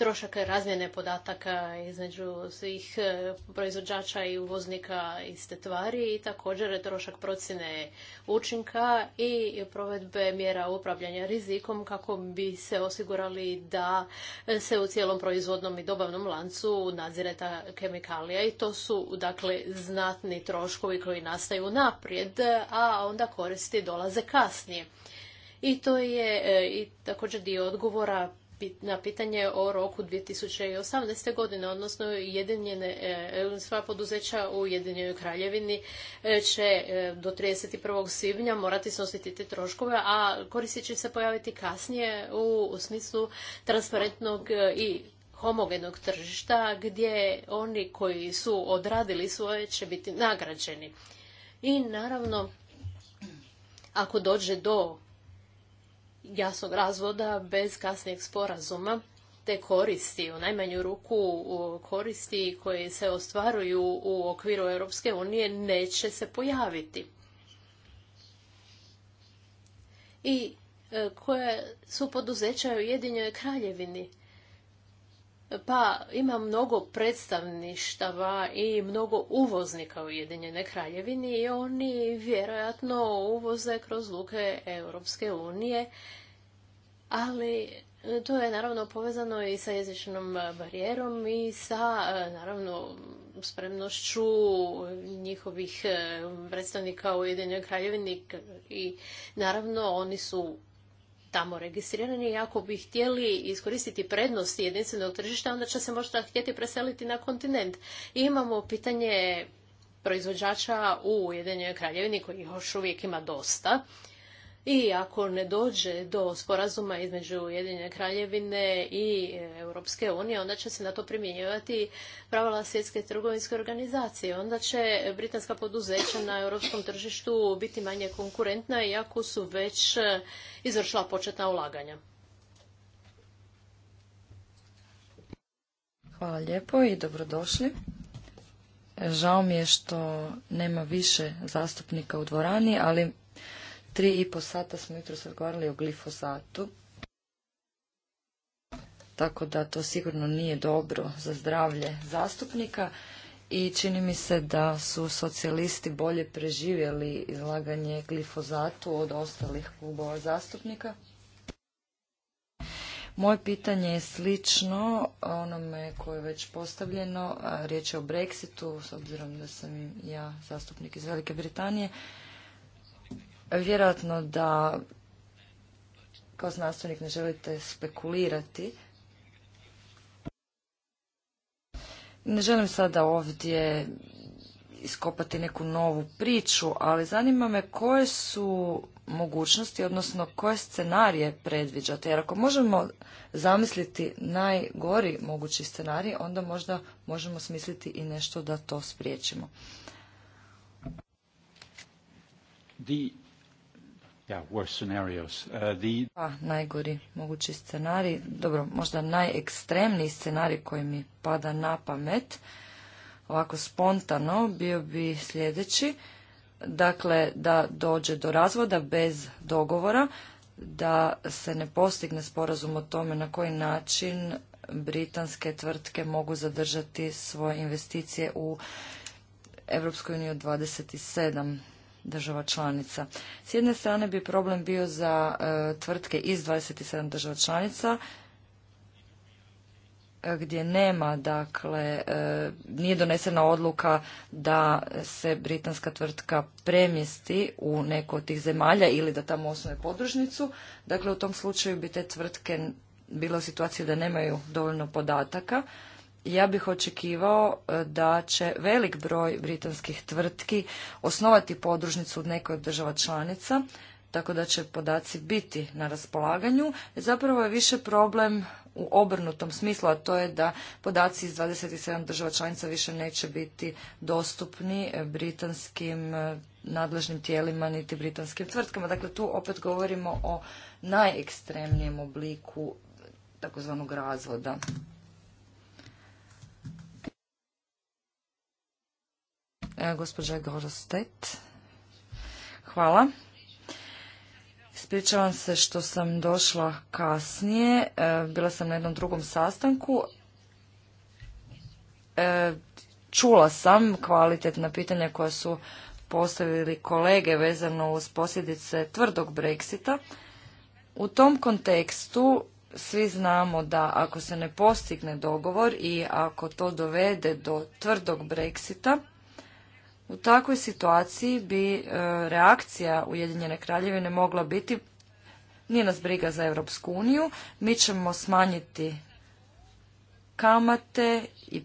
trošak razmjene podataka između svih e, proizvođača i uvoznika iste tvari i također trošak procjene učinka i provedbe mjera upravljanja rizikom kako bi se osigurali da se u cijelom proizvodnom i dobavnom lancu nadzire ta kemikalija i to su dakle znatni troškovi koji nastaju naprijed, a onda koristi dolaze kasnije. I to je e, i također dio odgovora na pitanje o roku 2018. godine, odnosno e, sva poduzeća u Jedinjenoj kraljevini e, će e, do 31. svibnja morati snositi te troškove, a koristi će se pojaviti kasnije u, u smislu transparentnog i homogenog tržišta gdje oni koji su odradili svoje će biti nagrađeni. I naravno, ako dođe do jasnog razvoda bez kasnijeg sporazuma te koristi, u najmanju ruku koristi koje se ostvaruju u okviru Europske unije neće se pojaviti. I e, koje su poduzeća u Jedinjoj kraljevini pa ima mnogo predstavništava i mnogo uvoznika u Ujedinjenoj kraljevini i oni vjerojatno uvoze kroz luke Europske unije, ali e, to je naravno povezano i sa jezičnom barijerom i sa e, naravno spremnošću njihovih e, predstavnika u Ujedinjenoj kraljevini i naravno oni su tamo registrirani i ako bi htjeli iskoristiti prednosti jedinstvenog tržišta, onda će se možda htjeti preseliti na kontinent. I imamo pitanje proizvođača u Ujedinjenoj kraljevini koji još uvijek ima dosta i ako ne dođe do sporazuma između Ujedinjene kraljevine i e, Europske unije, onda će se na to primjenjivati pravila svjetske trgovinske organizacije. Onda će britanska poduzeća na europskom tržištu biti manje konkurentna iako su već e, izvršila početna ulaganja. Hvala lijepo i dobrodošli. E, žao mi je što nema više zastupnika u dvorani, ali Tri i po sata smo jutro razgovarali o glifosatu. Tako da to sigurno nije dobro za zdravlje zastupnika i čini mi se da su socijalisti bolje preživjeli izlaganje glifozatu od ostalih klubova zastupnika. Moje pitanje je slično onome koje je već postavljeno. Riječ je o Brexitu, s obzirom da sam ja zastupnik iz Velike Britanije. Vjerojatno da kao znanstvenik ne želite spekulirati. Ne želim sada ovdje iskopati neku novu priču, ali zanima me koje su mogućnosti, odnosno koje scenarije predviđate. Jer ako možemo zamisliti najgori mogući scenarij, onda možda možemo smisliti i nešto da to spriječimo. Uh, pa, najgori mogući scenarij, dobro, možda najekstremniji scenarij koji mi pada na pamet, ovako spontano, bio bi sljedeći. Dakle, da dođe do razvoda bez dogovora, da se ne postigne sporazum o tome na koji način britanske tvrtke mogu zadržati svoje investicije u EU uniji od 27 država članica. S jedne strane bi problem bio za e, tvrtke iz 27 država članica e, gdje nema, dakle, e, nije donesena odluka da se britanska tvrtka premjesti u neko od tih zemalja ili da tamo osnuje podružnicu. Dakle, u tom slučaju bi te tvrtke bile u situaciji da nemaju dovoljno podataka ja bih očekivao e, da će velik broj britanskih tvrtki osnovati podružnicu u nekoj od država članica, tako da će podaci biti na raspolaganju. Zapravo je više problem u obrnutom smislu, a to je da podaci iz 27 država članica više neće biti dostupni e, britanskim e, nadležnim tijelima niti britanskim tvrtkama. Dakle, tu opet govorimo o najekstremnijem obliku takozvanog razvoda. E, gospođa Gorostet. Hvala. Ispričavam se što sam došla kasnije. E, bila sam na jednom drugom sastanku. E, čula sam kvalitetna pitanja koja su postavili kolege vezano uz posljedice tvrdog Brexita. U tom kontekstu svi znamo da ako se ne postigne dogovor i ako to dovede do tvrdog Brexita, u takvoj situaciji bi e, reakcija Ujedinjene kraljevine mogla biti nije nas briga za Europsku uniju, mi ćemo smanjiti kamate i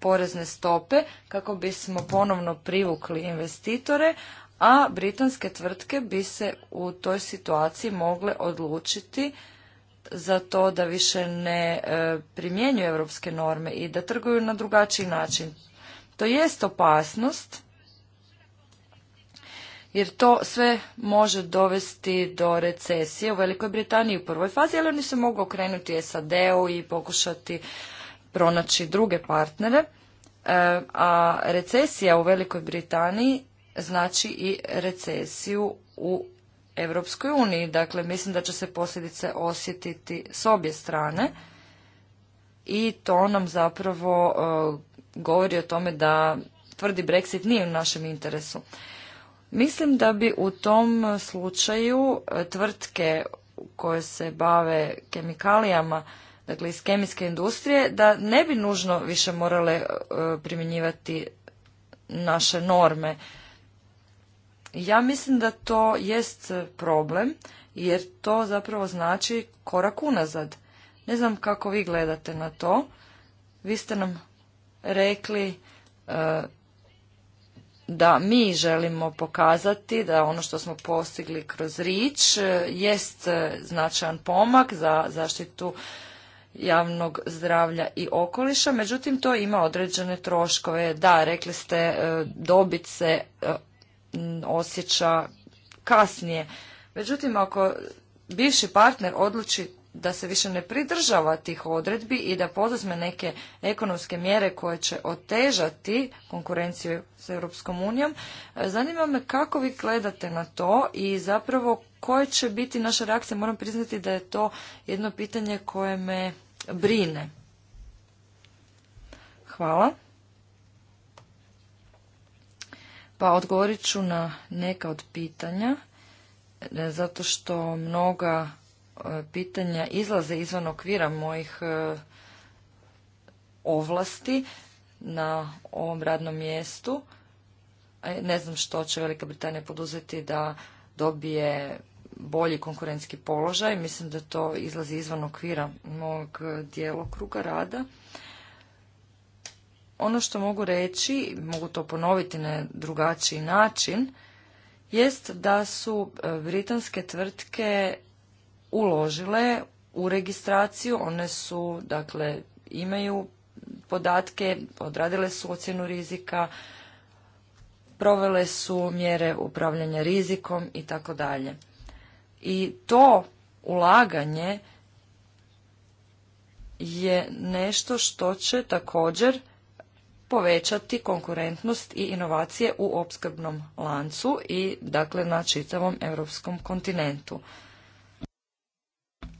porezne stope kako bismo ponovno privukli investitore, a britanske tvrtke bi se u toj situaciji mogle odlučiti za to da više ne e, primjenjuju europske norme i da trguju na drugačiji način. To jest opasnost jer to sve može dovesti do recesije u Velikoj Britaniji u prvoj fazi, ali oni se mogu okrenuti SAD-u i pokušati pronaći druge partnere. E, a recesija u Velikoj Britaniji znači i recesiju u Europskoj uniji. Dakle, mislim da će se posljedice osjetiti s obje strane i to nam zapravo e, govori o tome da tvrdi Brexit nije u našem interesu. Mislim da bi u tom slučaju e, tvrtke koje se bave kemikalijama, dakle iz kemijske industrije, da ne bi nužno više morale e, primjenjivati naše norme. Ja mislim da to jest problem, jer to zapravo znači korak unazad. Ne znam kako vi gledate na to. Vi ste nam rekli e, da mi želimo pokazati da ono što smo postigli kroz rič e, jest e, značajan pomak za zaštitu javnog zdravlja i okoliša, međutim to ima određene troškove. Da, rekli ste, e, dobit se osjeća kasnije. Međutim, ako bivši partner odluči da se više ne pridržava tih odredbi i da poduzme neke ekonomske mjere koje će otežati konkurenciju s Europskom unijom. E, zanima me kako vi gledate na to i zapravo koje će biti naša reakcija. Moram priznati da je to jedno pitanje koje me brine. Hvala. Pa odgovorit ću na neka od pitanja, e, zato što mnoga E, pitanja izlaze izvan okvira mojih e, ovlasti na ovom radnom mjestu. E, ne znam što će Velika Britanija poduzeti da dobije bolji konkurentski položaj. Mislim da to izlazi izvan okvira mog kruga rada. Ono što mogu reći, mogu to ponoviti na drugačiji način, jest da su britanske tvrtke uložile u registraciju, one su, dakle, imaju podatke, odradile su ocjenu rizika, provele su mjere upravljanja rizikom i tako dalje. I to ulaganje je nešto što će također povećati konkurentnost i inovacije u opskrbnom lancu i dakle na čitavom europskom kontinentu.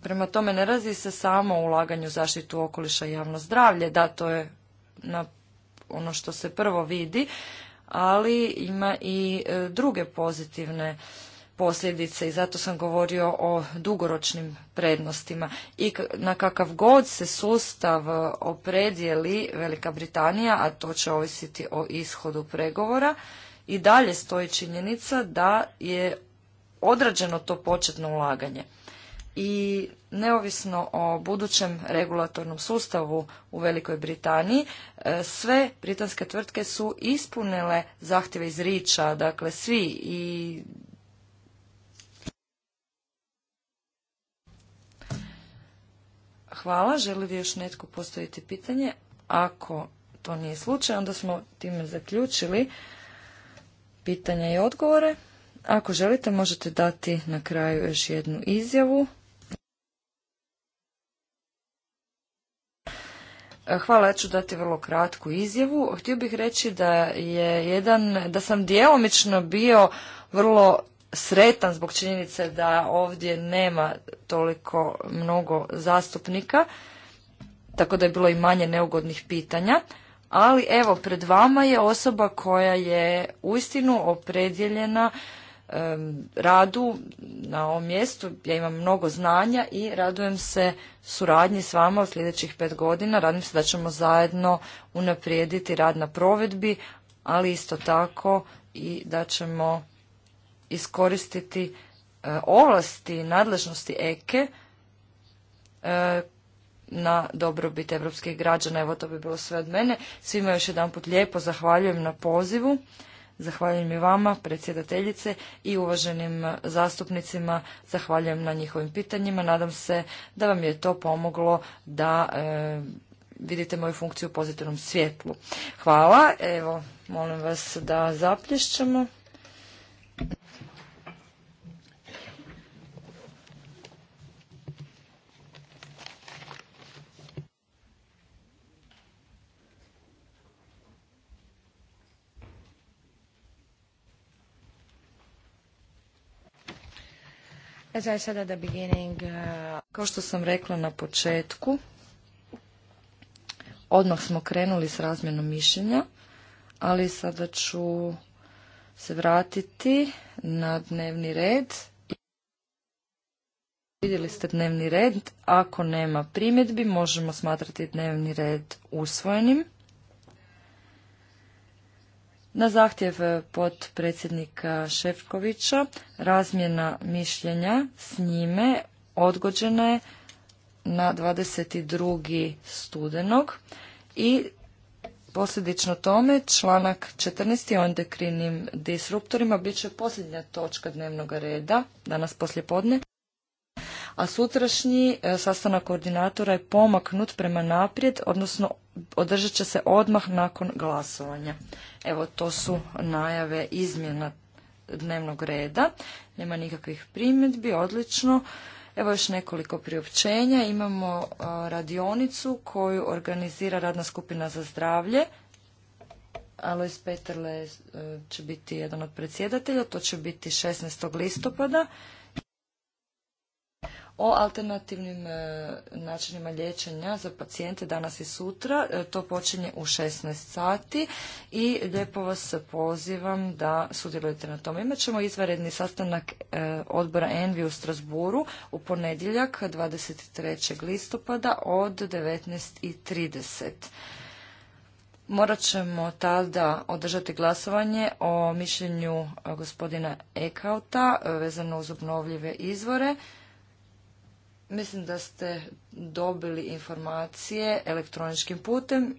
Prema tome ne radi se samo o ulaganju zaštitu okoliša i javno zdravlje, da to je na ono što se prvo vidi, ali ima i e, druge pozitivne posljedice i zato sam govorio o dugoročnim prednostima. I na kakav god se sustav e, opredijeli Velika Britanija, a to će ovisiti o ishodu pregovora, i dalje stoji činjenica da je odrađeno to početno ulaganje i neovisno o budućem regulatornom sustavu u Velikoj Britaniji, e, sve britanske tvrtke su ispunile zahtjeve iz Riča, dakle svi i Hvala. Želi li još netko postaviti pitanje? Ako to nije slučaj, onda smo time zaključili pitanja i odgovore. Ako želite, možete dati na kraju još jednu izjavu. Hvala, ja ću dati vrlo kratku izjavu. Htio bih reći da je jedan, da sam djelomično bio vrlo sretan zbog činjenice da ovdje nema toliko mnogo zastupnika, tako da je bilo i manje neugodnih pitanja. Ali evo, pred vama je osoba koja je uistinu opredjeljena radu na ovom mjestu. Ja imam mnogo znanja i radujem se suradnji s vama u sljedećih pet godina. Radim se da ćemo zajedno unaprijediti rad na provedbi, ali isto tako i da ćemo iskoristiti e, ovlasti i nadležnosti EKE e, e, na dobrobit evropskih građana. Evo to bi bilo sve od mene. Svima još jedan put lijepo zahvaljujem na pozivu. Zahvaljujem i vama, predsjedateljice i uvaženim zastupnicima. Zahvaljujem na njihovim pitanjima. Nadam se da vam je to pomoglo da e, vidite moju funkciju u pozitivnom svjetlu. Hvala. Evo, molim vas da zaplješćemo. As I said the beginning, uh, Kao što sam rekla na početku, odmah smo krenuli s razmjenom mišljenja, ali sada ću se vratiti na dnevni red. Vidjeli ste dnevni red. Ako nema primjedbi, možemo smatrati dnevni red usvojenim. Na zahtjev e, potpredsjednika Šefkovića razmjena mišljenja s njime odgođena je na 22. studenog i posljedično tome članak 14. o endokrinim disruptorima bit će posljednja točka dnevnog reda danas podne a sutrašnji e, sastanak koordinatora je pomaknut prema naprijed, odnosno održat će se odmah nakon glasovanja. Evo, to su najave izmjena dnevnog reda. Nema nikakvih primjedbi, odlično. Evo još nekoliko priopćenja. Imamo e, radionicu koju organizira radna skupina za zdravlje. Alois Peterle e, će biti jedan od predsjedatelja. To će biti 16. listopada o alternativnim e, načinima liječenja za pacijente danas i sutra. E, to počinje u 16 sati i lijepo vas pozivam da sudjelujete na tome. Imat ćemo izvaredni sastanak e, odbora Envi u Strasburu u ponedjeljak 23. listopada od 19.30. Morat ćemo tada održati glasovanje o mišljenju gospodina Ekauta vezano uz obnovljive izvore. Mislim da ste dobili informacije elektroničkim putem.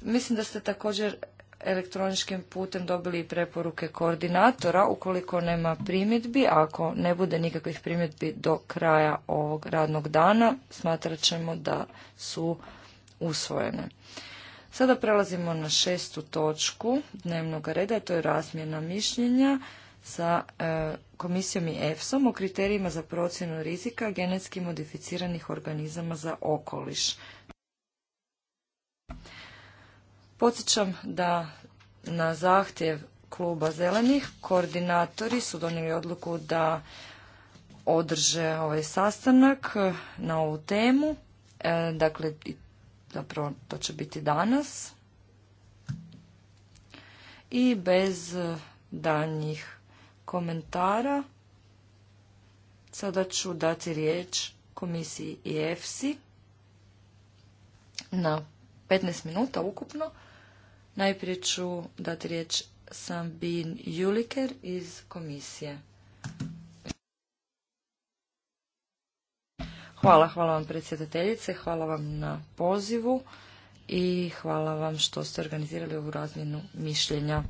Mislim da ste također elektroničkim putem dobili i preporuke koordinatora ukoliko nema primjedbi, ako ne bude nikakvih primjedbi do kraja ovog radnog dana, smatrat ćemo da su usvojene. Sada prelazimo na šestu točku dnevnog reda, to je razmjena mišljenja sa e, komisijom i EFSOM o kriterijima za procjenu rizika genetski modificiranih organizama za okoliš. Podsjećam da na zahtjev kluba zelenih koordinatori su donijeli odluku da održe ovaj sastanak e, na ovu temu. E, dakle, zapravo to će biti danas. I bez danjih komentara. Sada ću dati riječ komisiji i EFSI na 15 minuta ukupno. Najprije ću dati riječ Sambin Juliker iz komisije. Hvala, hvala vam predsjedateljice, hvala vam na pozivu i hvala vam što ste organizirali ovu razmjenu mišljenja.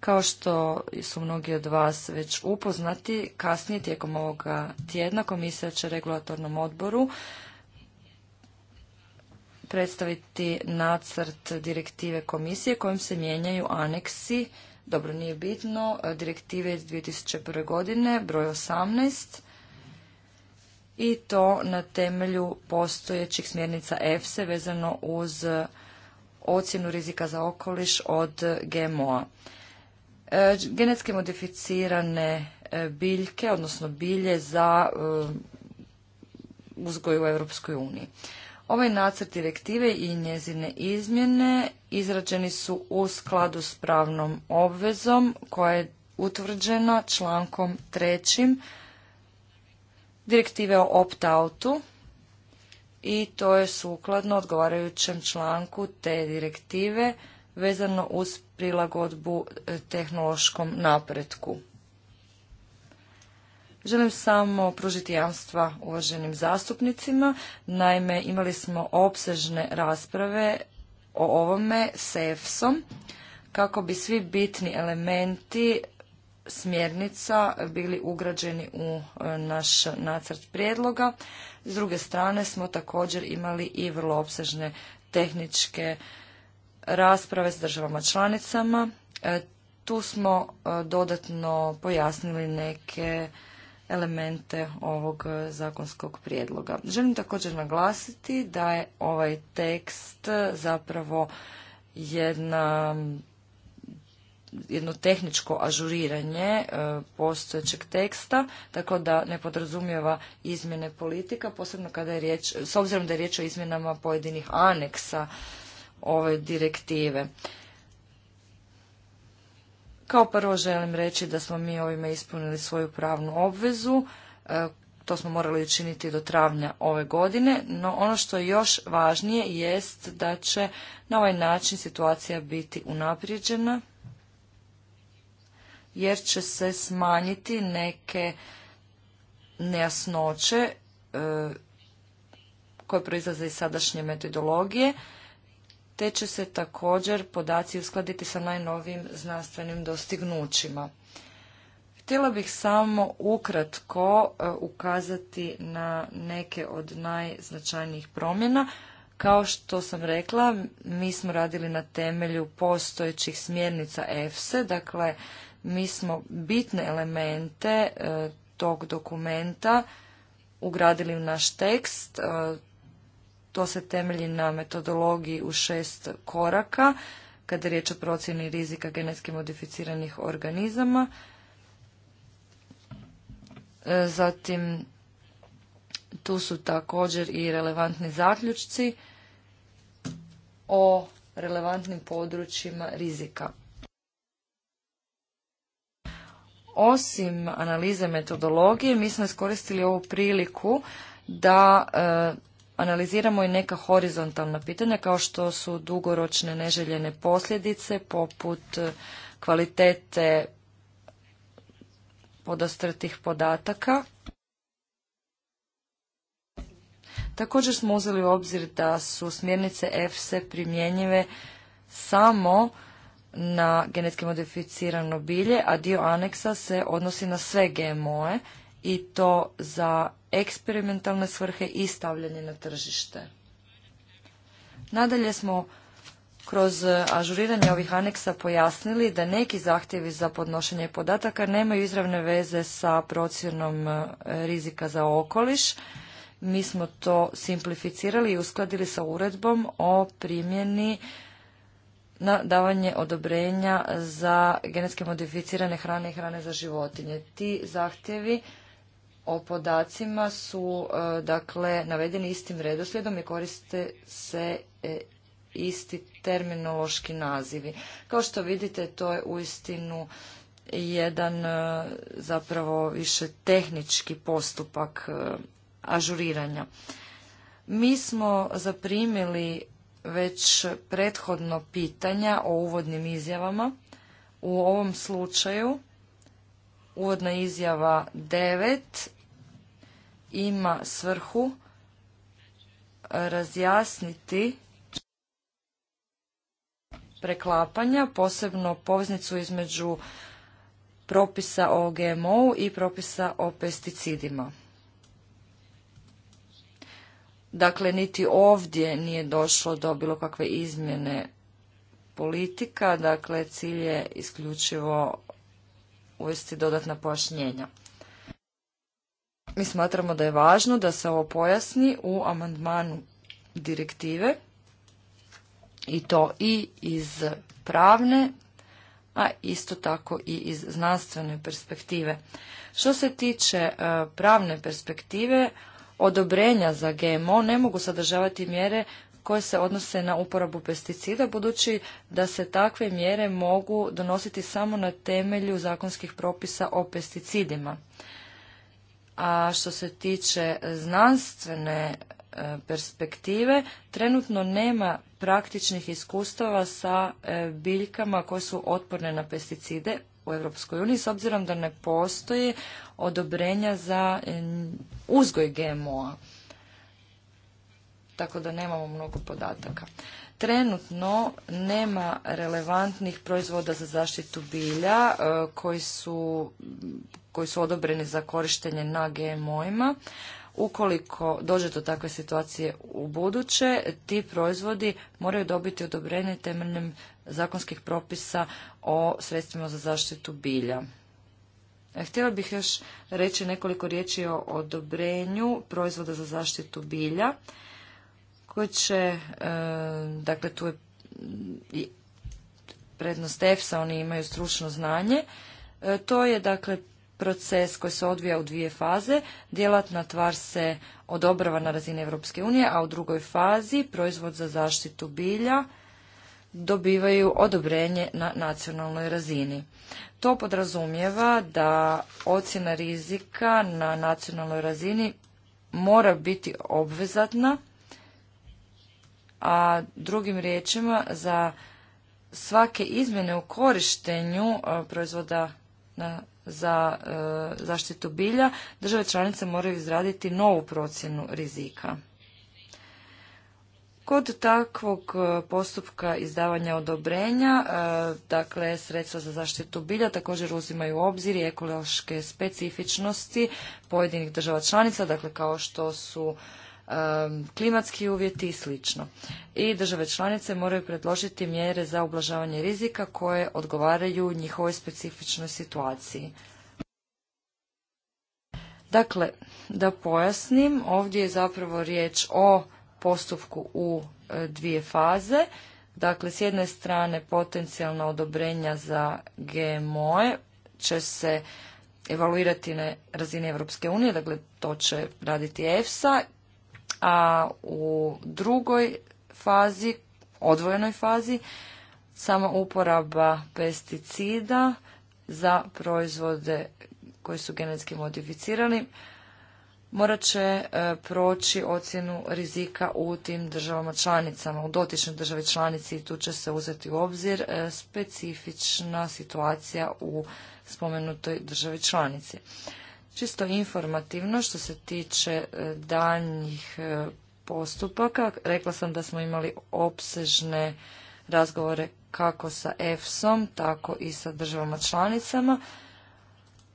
Kao što su mnogi od vas već upoznati, kasnije tijekom ovoga tjedna komisija će regulatornom odboru predstaviti nacrt direktive komisije kojim se mijenjaju aneksi, dobro nije bitno, direktive iz 2001. godine, broj 18, i to na temelju postojećih smjernica EFSE vezano uz ocjenu rizika za okoliš od GMO-a. E, genetski modificirane e, biljke, odnosno bilje za e, uzgoj u Europskoj uniji. Ovaj nacrt direktive i njezine izmjene izrađeni su u skladu s pravnom obvezom koja je utvrđena člankom trećim direktive o opt-outu i to je sukladno odgovarajućem članku te direktive vezano uz prilagodbu e, tehnološkom napretku. Želim samo pružiti jamstva uvaženim zastupnicima. Naime, imali smo opsežne rasprave o ovome s EFSom kako bi svi bitni elementi smjernica bili ugrađeni u e, naš nacrt prijedloga. S druge strane smo također imali i vrlo opsežne tehničke rasprave s državama članicama. E, tu smo e, dodatno pojasnili neke elemente ovog e, zakonskog prijedloga. Želim također naglasiti da je ovaj tekst zapravo jedno tehničko ažuriranje postojećeg teksta, tako da ne podrazumijeva izmjene politika, posebno kada je riječ, s obzirom da je riječ o izmjenama pojedinih aneksa ove direktive. Kao prvo želim reći da smo mi ovime ispunili svoju pravnu obvezu, e, to smo morali učiniti do travnja ove godine, no ono što je još važnije jest da će na ovaj način situacija biti unaprijeđena, jer će se smanjiti neke nejasnoće e, koje proizlaze iz sadašnje metodologije, te će se također podaci uskladiti sa najnovijim znanstvenim dostignućima. Htjela bih samo ukratko e, ukazati na neke od najznačajnijih promjena. Kao što sam rekla, mi smo radili na temelju postojećih smjernica EFSE, dakle mi smo bitne elemente e, tog dokumenta ugradili u naš tekst. E, to se temelji na metodologiji u šest koraka kada je riječ o procjeni rizika genetski modificiranih organizama. E, zatim tu su također i relevantni zaključci o relevantnim područjima rizika. Osim analize metodologije, mi smo iskoristili ovu priliku da e, analiziramo i neka horizontalna pitanja kao što su dugoročne neželjene posljedice poput e, kvalitete podastrtih podataka. Također smo uzeli u obzir da su smjernice EFSE primjenjive samo na genetski modificirano bilje, a dio aneksa se odnosi na sve GMO-e i to za eksperimentalne svrhe i stavljanje na tržište. Nadalje smo kroz e, ažuriranje ovih aneksa pojasnili da neki zahtjevi za podnošenje podataka nemaju izravne veze sa procjenom e, rizika za okoliš. Mi smo to simplificirali i uskladili sa uredbom o primjeni na davanje odobrenja za genetske modificirane hrane i hrane za životinje. Ti zahtjevi o podacima su e, dakle navedeni istim redoslijedom i koriste se e, isti terminološki nazivi. Kao što vidite to je uistinu jedan e, zapravo više tehnički postupak ažuriranja. Mi smo zaprimili već prethodno pitanja o uvodnim izjavama. U ovom slučaju Uvodna izjava 9 ima svrhu razjasniti preklapanja, posebno poveznicu između propisa o GMO i propisa o pesticidima. Dakle, niti ovdje nije došlo do bilo kakve izmjene politika, dakle cilj je isključivo uvesti dodatna pojašnjenja. Mi smatramo da je važno da se ovo pojasni u amandmanu direktive i to i iz pravne, a isto tako i iz znanstvene perspektive. Što se tiče e, pravne perspektive, odobrenja za GMO ne mogu sadržavati mjere koje se odnose na uporabu pesticida, budući da se takve mjere mogu donositi samo na temelju zakonskih propisa o pesticidima. A što se tiče znanstvene e, perspektive, trenutno nema praktičnih iskustava sa e, biljkama koje su otporne na pesticide u Europskoj uniji, s obzirom da ne postoji odobrenja za uzgoj GMO-a tako da nemamo mnogo podataka. Trenutno nema relevantnih proizvoda za zaštitu bilja e, koji su, koji su odobreni za korištenje na GMO-ima. Ukoliko dođe do takve situacije u buduće, ti proizvodi moraju dobiti odobrenje temeljem zakonskih propisa o sredstvima za zaštitu bilja. E, htjela bih još reći nekoliko riječi o odobrenju proizvoda za zaštitu bilja koji će, e, dakle tu je prednost EFSA, oni imaju stručno znanje. E, to je dakle proces koji se odvija u dvije faze. Djelatna tvar se odobrava na razini Europske unije, a u drugoj fazi proizvod za zaštitu bilja dobivaju odobrenje na nacionalnoj razini. To podrazumijeva da ocjena rizika na nacionalnoj razini mora biti obvezatna a drugim riječima za svake izmjene u korištenju e, proizvoda za e, zaštitu bilja, države članice moraju izraditi novu procjenu rizika. Kod takvog e, postupka izdavanja odobrenja, dakle sredstva za zaštitu bilja također uzimaju u obzir i ekološke specifičnosti pojedinih država članica, dakle kao što su klimatski uvjeti i slično. I države članice moraju predložiti mjere za ublažavanje rizika koje odgovaraju njihovoj specifičnoj situaciji. Dakle, da pojasnim, ovdje je zapravo riječ o postupku u e, dvije faze. Dakle, s jedne strane potencijalna odobrenja za gmo će se evaluirati na razini Europske unije, dakle to će raditi EFSA a u drugoj fazi, odvojenoj fazi, sama uporaba pesticida za proizvode koji su genetski modificirani morat će e, proći ocjenu rizika u tim državama članicama, u dotičnoj državi članici i tu će se uzeti u obzir e, specifična situacija u spomenutoj državi članici čisto informativno što se tiče e, danjih e, postupaka. Rekla sam da smo imali opsežne razgovore kako sa EFSOM, tako i sa državama članicama.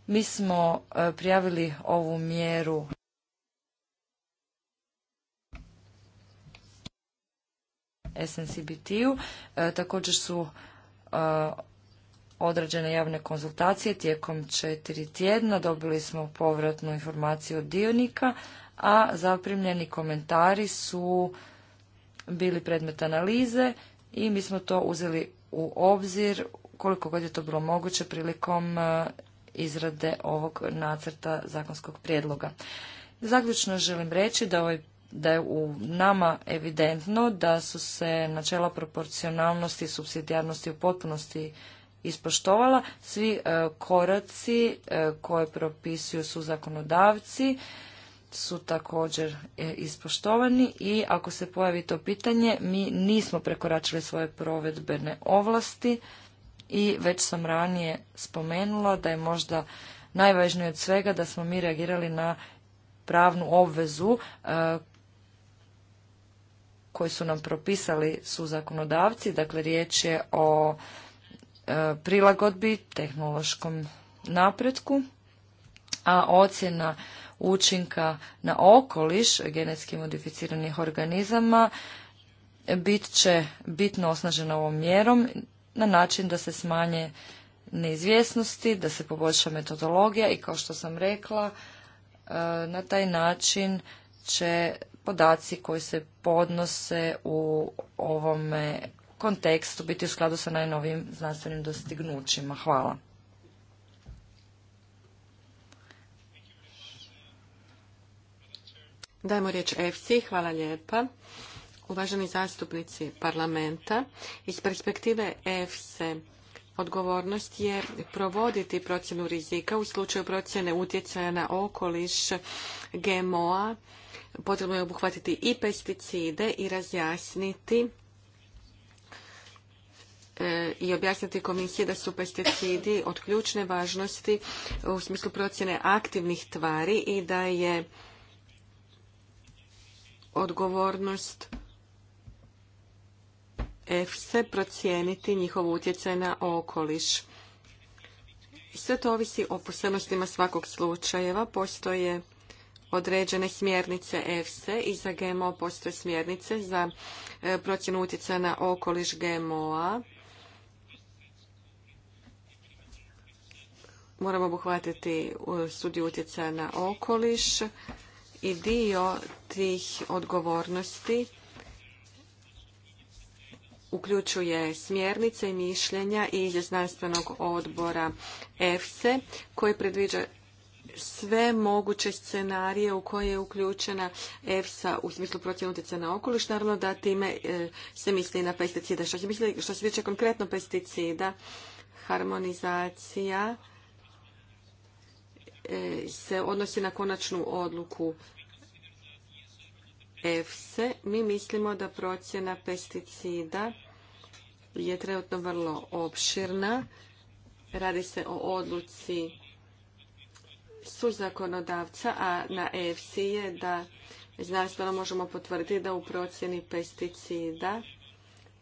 Mi smo e, prijavili ovu mjeru SNCBT-u. Također su određene javne konzultacije tijekom četiri tjedna, dobili smo povratnu informaciju od dionika, a zaprimljeni komentari su bili predmet analize i mi smo to uzeli u obzir koliko god je to bilo moguće prilikom e, izrade ovog nacrta zakonskog prijedloga. Zaključno želim reći da, ovaj, da je u nama evidentno da su se načela proporcionalnosti i subsidijarnosti u potpunosti ispoštovala. Svi e, koraci e, koje propisuju su zakonodavci su također e, ispoštovani i ako se pojavi to pitanje, mi nismo prekoračili svoje provedbene ovlasti i već sam ranije spomenula da je možda najvažnije od svega da smo mi reagirali na pravnu obvezu koju su nam propisali su zakonodavci, dakle riječ je o E, prilagodbi tehnološkom napretku, a ocjena učinka na okoliš genetski modificiranih organizama bit će bitno osnažena ovom mjerom na način da se smanje neizvjesnosti, da se poboljša metodologija i kao što sam rekla, e, na taj način će podaci koji se podnose u ovome kontekstu biti u skladu sa najnovijim znanstvenim dostignućima. Hvala. Dajmo riječ EFSI. Hvala lijepa. Uvaženi zastupnici parlamenta, iz perspektive EFSE odgovornost je provoditi procjenu rizika u slučaju procjene utjecaja na okoliš GMO-a. Potrebno je obuhvatiti i pesticide i razjasniti E, i objasniti komisije da su pesticidi od ključne važnosti u smislu procjene aktivnih tvari i da je odgovornost EFSE procijeniti njihov utjecaj na okoliš. Sve to ovisi o posebnostima svakog slučajeva. Postoje određene smjernice EFSE i za GMO postoje smjernice za e, procjenu utjecaja na okoliš GMO-a moramo obuhvatiti studiju utjecaja na okoliš i dio tih odgovornosti uključuje smjernice i mišljenja iz znanstvenog odbora EFSE koji predviđa sve moguće scenarije u koje je uključena EFSA u smislu procjene utjecaja na okoliš. Naravno da time e, se misli na pesticide. Što se, misli, što se tiče konkretno pesticida, harmonizacija E, se odnosi na konačnu odluku EFSE. Mi mislimo da procjena pesticida je trenutno vrlo opširna. Radi se o odluci suzakonodavca, a na EFSI je da znanstveno možemo potvrditi da u procjeni pesticida,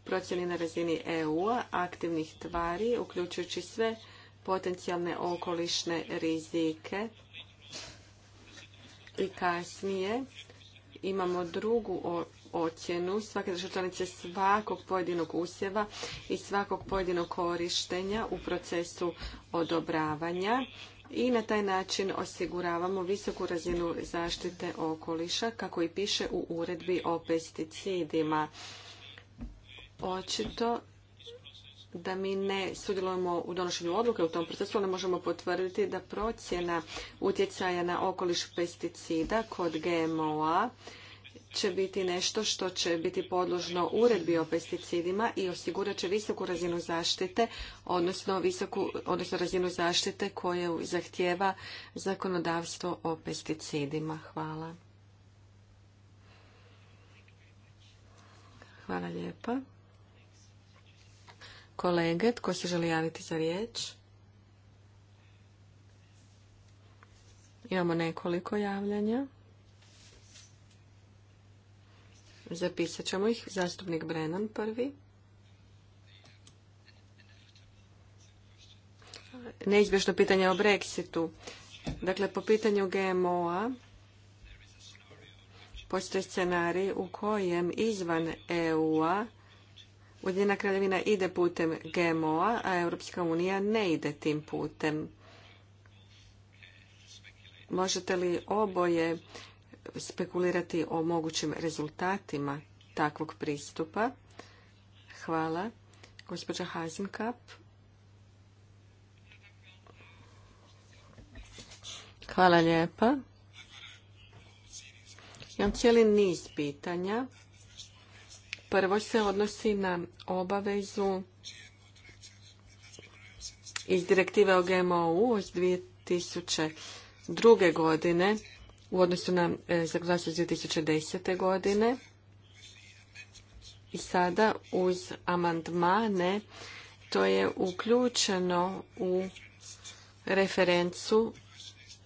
procjeni na razini EU-a, aktivnih tvari, uključujući sve potencijalne okolišne rizike. I kasnije imamo drugu ocjenu svake države svakog pojedinog usjeva i svakog pojedinog korištenja u procesu odobravanja i na taj način osiguravamo visoku razinu zaštite okoliša kako i piše u uredbi o pesticidima. Očito da mi ne sudjelujemo u donošenju odluke u tom procesu, ali možemo potvrditi da procjena utjecaja na okoliš pesticida kod gmo će biti nešto što će biti podložno uredbi o pesticidima i osigurat će visoku razinu zaštite, odnosno, visoku, odnosno razinu zaštite koju zahtjeva zakonodavstvo o pesticidima. Hvala. Hvala lijepa kolege. Tko se želi javiti za riječ? Imamo nekoliko javljanja. Zapisat ćemo ih. Zastupnik Brennan prvi. Neizbješno pitanje o Brexitu. Dakle, po pitanju GMO-a postoji scenarij u kojem izvan EU-a Ujedinjena kraljevina ide putem GMO-a, a Europska unija ne ide tim putem. Možete li oboje spekulirati o mogućim rezultatima takvog pristupa? Hvala. Gospođa Hazenkap. Hvala lijepa. Imam cijeli niz pitanja. Prvo se odnosi na obavezu iz direktive o GMO-u iz 2002. godine u odnosu na e, zakonodavstvo iz 2010. godine. I sada uz amandmane to je uključeno u referencu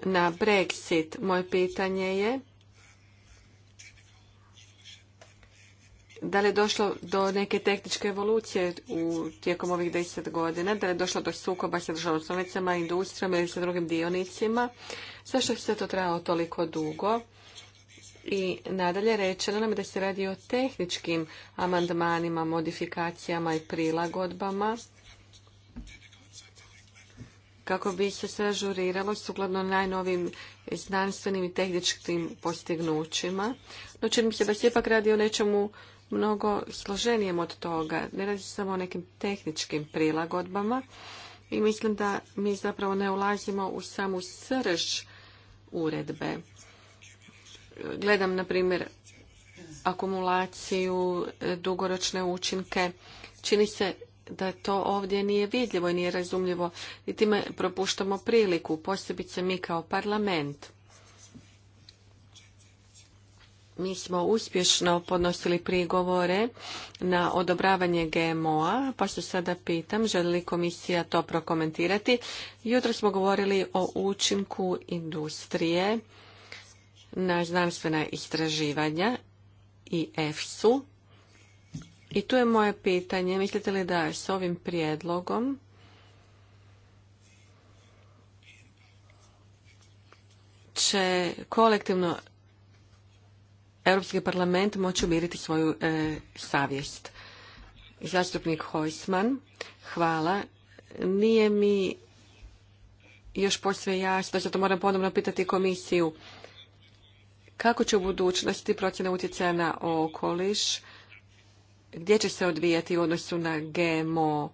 na Brexit. Moje pitanje je da li je došlo do neke tehničke evolucije u tijekom ovih deset godina, da li je došlo do sukoba sa državnom članicama, industrijom ili sa drugim dionicima, zašto se to trajalo toliko dugo? I nadalje rečeno nam je da se radi o tehničkim amandmanima, modifikacijama i prilagodbama kako bi se sve ažuriralo sukladno najnovim znanstvenim i tehničkim postignućima. No, čini mi se da se ipak radi o nečemu mnogo složenijem od toga. Ne radi se samo o nekim tehničkim prilagodbama i mislim da mi zapravo ne ulazimo u samu srž uredbe. Gledam, na primjer, akumulaciju, e, dugoročne učinke. Čini se da to ovdje nije vidljivo i nije razumljivo i time propuštamo priliku, posebice mi kao parlament mi smo uspješno podnosili prigovore na odobravanje GMO-a, pa se sada pitam, želi li komisija to prokomentirati. Jutro smo govorili o učinku industrije na znanstvena istraživanja i EFSU. I tu je moje pitanje, mislite li da s ovim prijedlogom će kolektivno Europski parlament moći umiriti svoju e, savjest. Zastupnik Hojsman, hvala. Nije mi još posve jasno, zato moram ponovno pitati komisiju. Kako će u budućnosti procjena utjecaja na okoliš, gdje će se odvijati u odnosu na GMO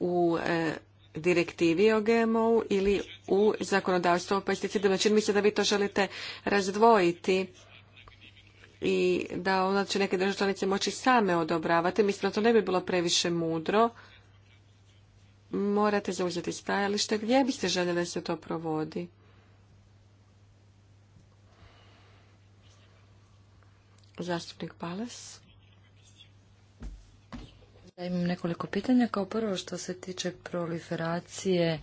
u e, direktivi o GMO-u ili u zakonodavstvu o pesticidima. Čini mi se da vi to želite razdvojiti i da onda će neke države članice moći same odobravati. Mislim da to ne bi bilo previše mudro. Morate zauzeti stajalište. Gdje biste željeli da se to provodi? Zastupnik Palas. Ja imam nekoliko pitanja. Kao prvo što se tiče proliferacije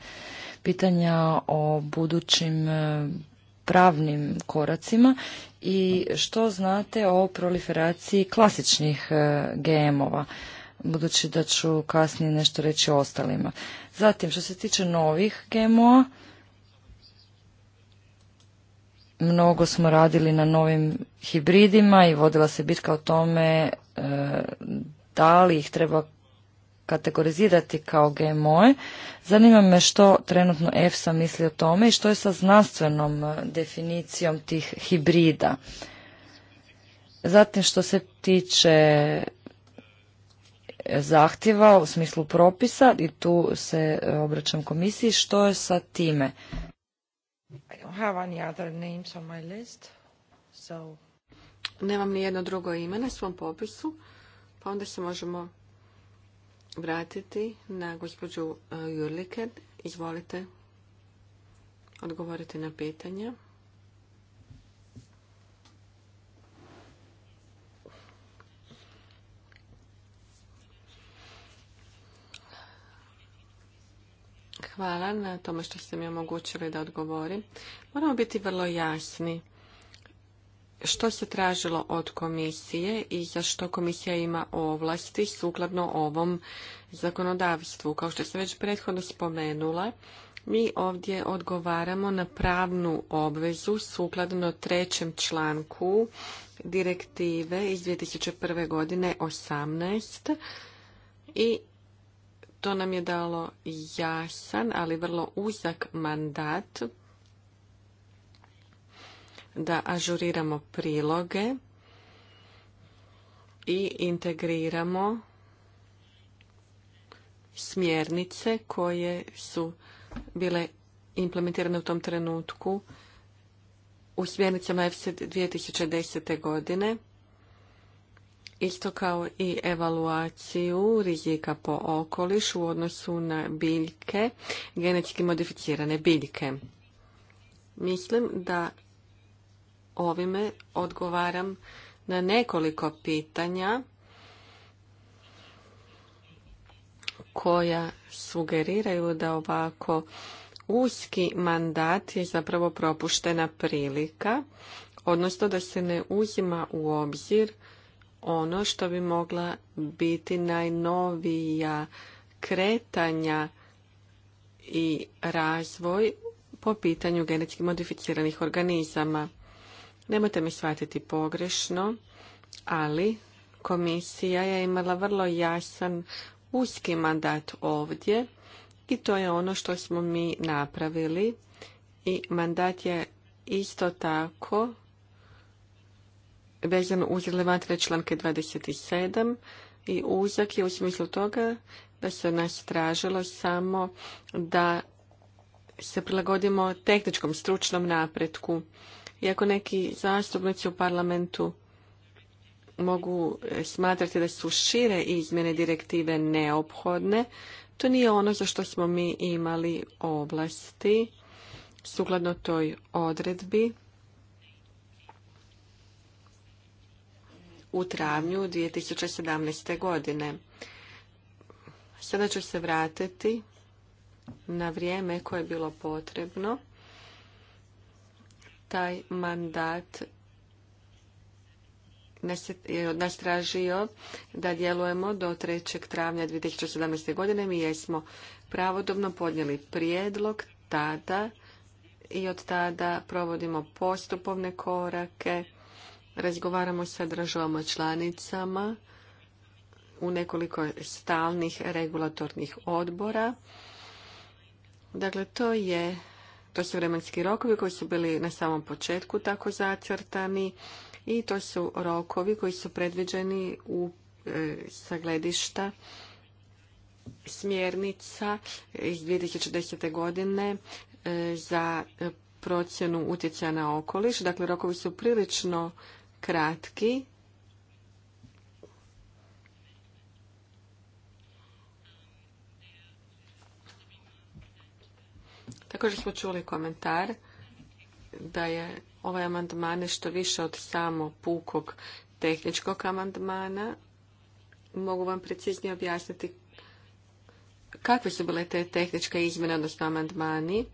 pitanja o budućim e, pravnim koracima i što znate o proliferaciji klasičnih e, GM-ova, budući da ću kasnije nešto reći o ostalima. Zatim, što se tiče novih GMO-a, mnogo smo radili na novim hibridima i vodila se bitka o tome e, da li ih treba kategorizirati kao GMO-e. Zanima me što trenutno EFSA misli o tome i što je sa znanstvenom e, definicijom tih hibrida. Zatim što se tiče e, zahtjeva u smislu propisa i tu se e, obraćam komisiji, što je sa time? Nemam ni jedno drugo ime na svom popisu. Pa onda se možemo vratiti na gospođu e, Jurliker. Izvolite odgovoriti na pitanja. Hvala na tome što ste mi omogućili da odgovorim. Moramo biti vrlo jasni što se tražilo od komisije i za što komisija ima ovlasti sukladno ovom zakonodavstvu. Kao što sam već prethodno spomenula, mi ovdje odgovaramo na pravnu obvezu sukladno trećem članku direktive iz 2001. godine 18 i to nam je dalo jasan, ali vrlo uzak mandat da ažuriramo priloge i integriramo smjernice koje su bile implementirane u tom trenutku u smjernicama EFSA 2010. godine, isto kao i evaluaciju rizika po okoliš u odnosu na biljke, genetski modificirane biljke. Mislim da Ovime odgovaram na nekoliko pitanja koja sugeriraju da ovako uski mandat je zapravo propuštena prilika, odnosno da se ne uzima u obzir ono što bi mogla biti najnovija kretanja i razvoj po pitanju genetski modificiranih organizama. Nemojte mi shvatiti pogrešno, ali komisija je imala vrlo jasan uski mandat ovdje i to je ono što smo mi napravili i mandat je isto tako vezan uz relevantne članke 27 i uzak je u smislu toga da se nas tražilo samo da se prilagodimo tehničkom stručnom napretku iako neki zastupnici u parlamentu mogu e, smatrati da su šire izmjene direktive neophodne, to nije ono za što smo mi imali oblasti sukladno toj odredbi u travnju 2017. godine. Sada ću se vratiti na vrijeme koje je bilo potrebno taj mandat je tražio da djelujemo do 3. travnja 2017. godine. Mi jesmo pravodobno podnijeli prijedlog tada i od tada provodimo postupovne korake, razgovaramo sa državama članicama u nekoliko stalnih regulatornih odbora. Dakle, to je to su vremenski rokovi koji su bili na samom početku tako zacrtani i to su rokovi koji su predviđeni u e, sagledišta smjernica iz 2010. godine e, za procjenu utjecaja na okoliš. Dakle, rokovi su prilično kratki Također smo čuli komentar da je ovaj amandman nešto više od samo pukog tehničkog amandmana. Mogu vam preciznije objasniti kakve su bile te tehničke izmjene, odnosno amandmani.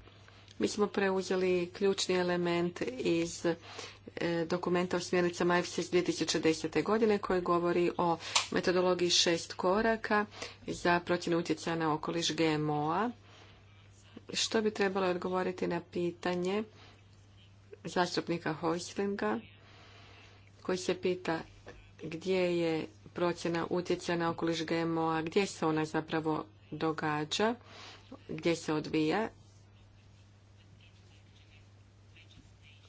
Mi smo preuzeli ključni element iz e, dokumenta o smjernicama iz 2010. godine koji govori o metodologiji šest koraka za procjenu utjecaja na okoliš GMO-a što bi trebalo odgovoriti na pitanje zastupnika Hojslinga koji se pita gdje je procjena utjecaja na okoliš GMO-a, gdje se ona zapravo događa, gdje se odvija.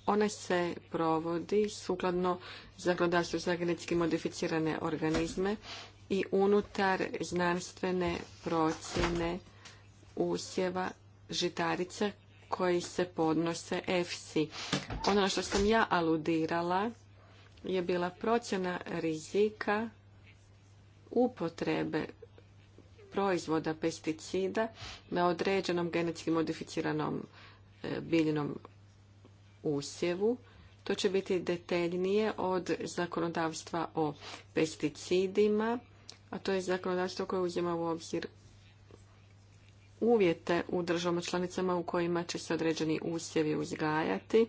Ona se provodi sukladno zakonodavstvu za genetski modificirane organizme i unutar znanstvene procjene usjeva žitarice koji se podnose EFSI. Ono na što sam ja aludirala je bila procjena rizika upotrebe proizvoda pesticida na određenom genetski modificiranom e, biljnom usjevu. To će biti detaljnije od zakonodavstva o pesticidima, a to je zakonodavstvo koje uzima u obzir uvjete u državama članicama u kojima će se određeni usjevi uzgajati.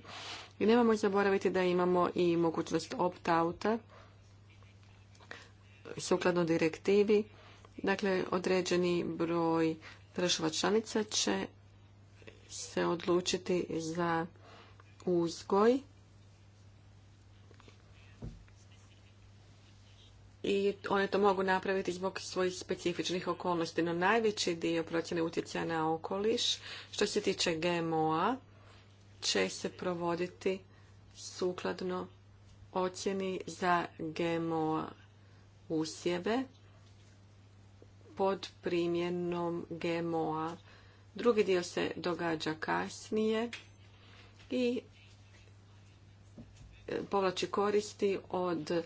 I nemamo zaboraviti da imamo i mogućnost opt-outa sukladno direktivi. Dakle, određeni broj država članica će se odlučiti za uzgoj i one to mogu napraviti zbog svojih specifičnih okolnosti, no najveći dio procjene utjecaja na okoliš što se tiče GMO-a će se provoditi sukladno ocjeni za GMO usjeve pod primjenom GMO-a. Drugi dio se događa kasnije i povlači koristi od e,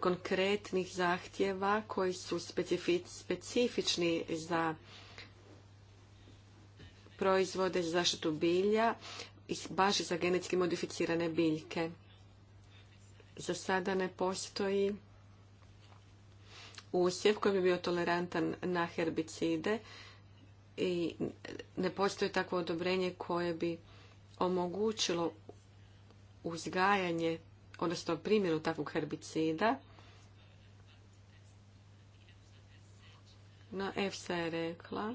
konkretnih zahtjeva koji su specifični za proizvode za zaštitu bilja i baš za genetski modificirane biljke. Za sada ne postoji usjev koji bi bio tolerantan na herbicide i ne postoji takvo odobrenje koje bi omogućilo uzgajanje, odnosno primjenu takvog herbicida. na EFSA je rekla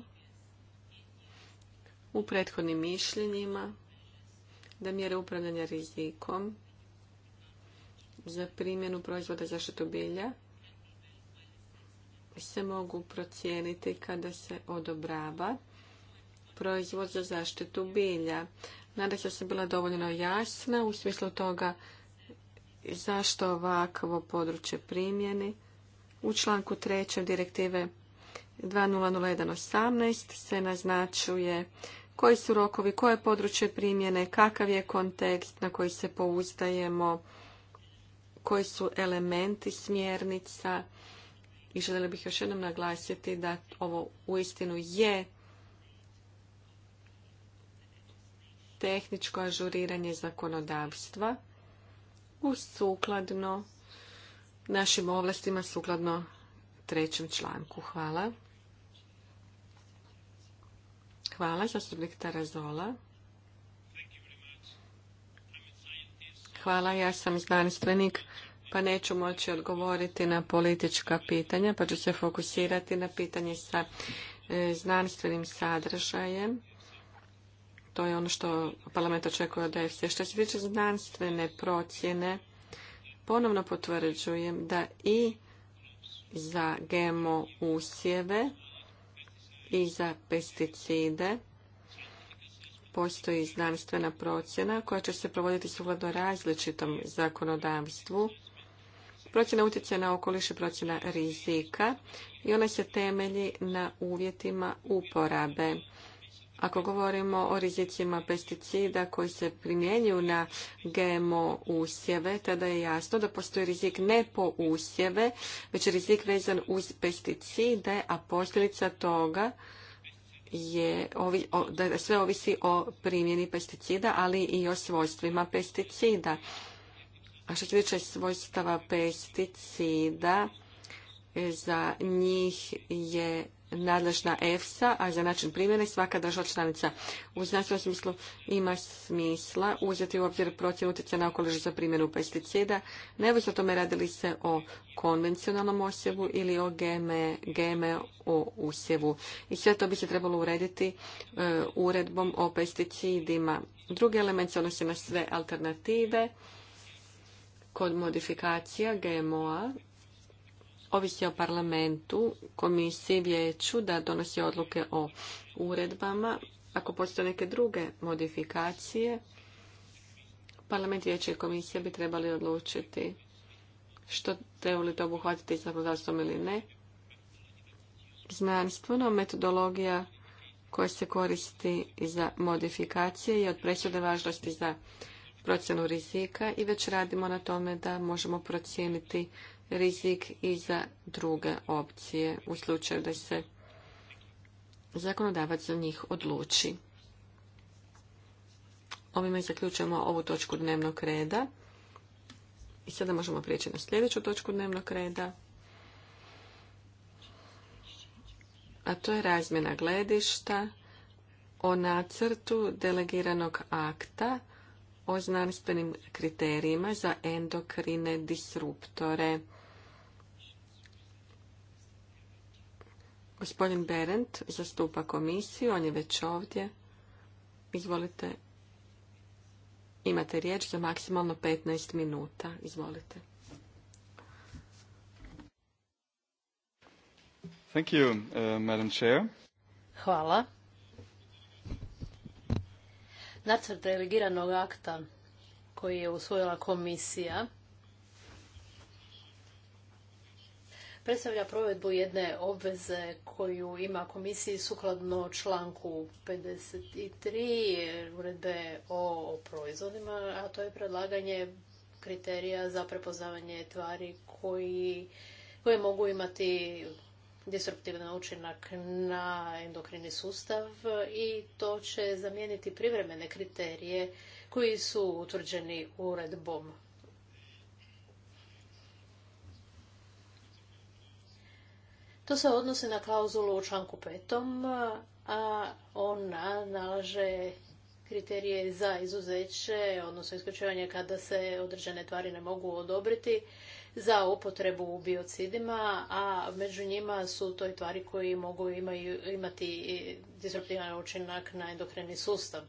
u prethodnim mišljenjima da mjere upravljanja rizikom za primjenu proizvoda zaštitu bilja se mogu procijeniti kada se odobrava proizvod za zaštitu bilja. Nadam se da sam bila dovoljno jasna u smislu toga zašto ovakvo područje primjeni. U članku 3. direktive 2001.18 se naznačuje koji su rokovi, koje područje primjene, kakav je kontekst na koji se pouzdajemo, koji su elementi smjernica. I željela bih još jednom naglasiti da ovo uistinu je tehničko ažuriranje zakonodavstva u sukladno našim ovlastima sukladno trećem članku. Hvala. Hvala, zastupnik Tarazola. Hvala, ja sam znanstvenik, pa neću moći odgovoriti na politička pitanja, pa ću se fokusirati na pitanje sa e, znanstvenim sadržajem. To je ono što parlament očekuje od EFSA. Što se tiče znanstvene procjene, ponovno potvrđujem da i za GMO usjeve i za pesticide postoji znanstvena procjena koja će se provoditi sukladno različitom zakonodavstvu. Procjena utjecaja na okoliš i procjena rizika i ona se temelji na uvjetima uporabe. Ako govorimo o rizicima pesticida koji se primjenjuju na GMO usjeve, tada je jasno da postoji rizik ne po usjeve, već rizik vezan uz pesticide, a posljedica toga je da sve ovisi o primjeni pesticida, ali i o svojstvima pesticida. A što se tiče svojstava pesticida, e, za njih je nadležna EFSA, a za način primjene svaka država članica. U znanstvenom smislu ima smisla uzeti u obzir procjenu utjecaja na okoliš za primjenu pesticida, neovisno tome radili se o konvencionalnom osjevu ili o GMO o usjevu. I sve to bi se trebalo urediti e, uredbom o pesticidima. Drugi element se odnosi na sve alternative kod modifikacija GMO-a ovisi o parlamentu, komisiji, vijeću da donosi odluke o uredbama. Ako postoje neke druge modifikacije, parlament, vijeće i komisija bi trebali odlučiti što treba li to obuhvatiti zakonodavstvom ili ne. Znanstveno, metodologija koja se koristi za modifikacije je od presude važnosti za procjenu rizika i već radimo na tome da možemo procijeniti rizik i za druge opcije u slučaju da se zakonodavac za njih odluči. Ovime zaključujemo ovu točku dnevnog reda. I sada možemo prijeći na sljedeću točku dnevnog reda. A to je razmjena gledišta o nacrtu delegiranog akta o znanstvenim kriterijima za endokrine disruptore. Gospodin Berend zastupa komisiju, on je već ovdje. Izvolite. Imate riječ za maksimalno 15 minuta. Izvolite. Thank you, uh, Madam Chair. Hvala. Nacrt delegiranog akta koji je usvojila komisija predstavlja provedbu jedne obveze koju ima komisiji sukladno članku 53 uredbe o proizvodima, a to je predlaganje kriterija za prepoznavanje tvari koje mogu imati disruptivan učinak na endokrini sustav i to će zamijeniti privremene kriterije koji su utvrđeni uredbom. To se odnosi na klauzulu u članku petom, a ona nalaže kriterije za izuzeće, odnosno isključivanje kada se određene tvari ne mogu odobriti za upotrebu u biocidima, a među njima su to i tvari koji mogu imati disruptivan učinak na endokrini sustav.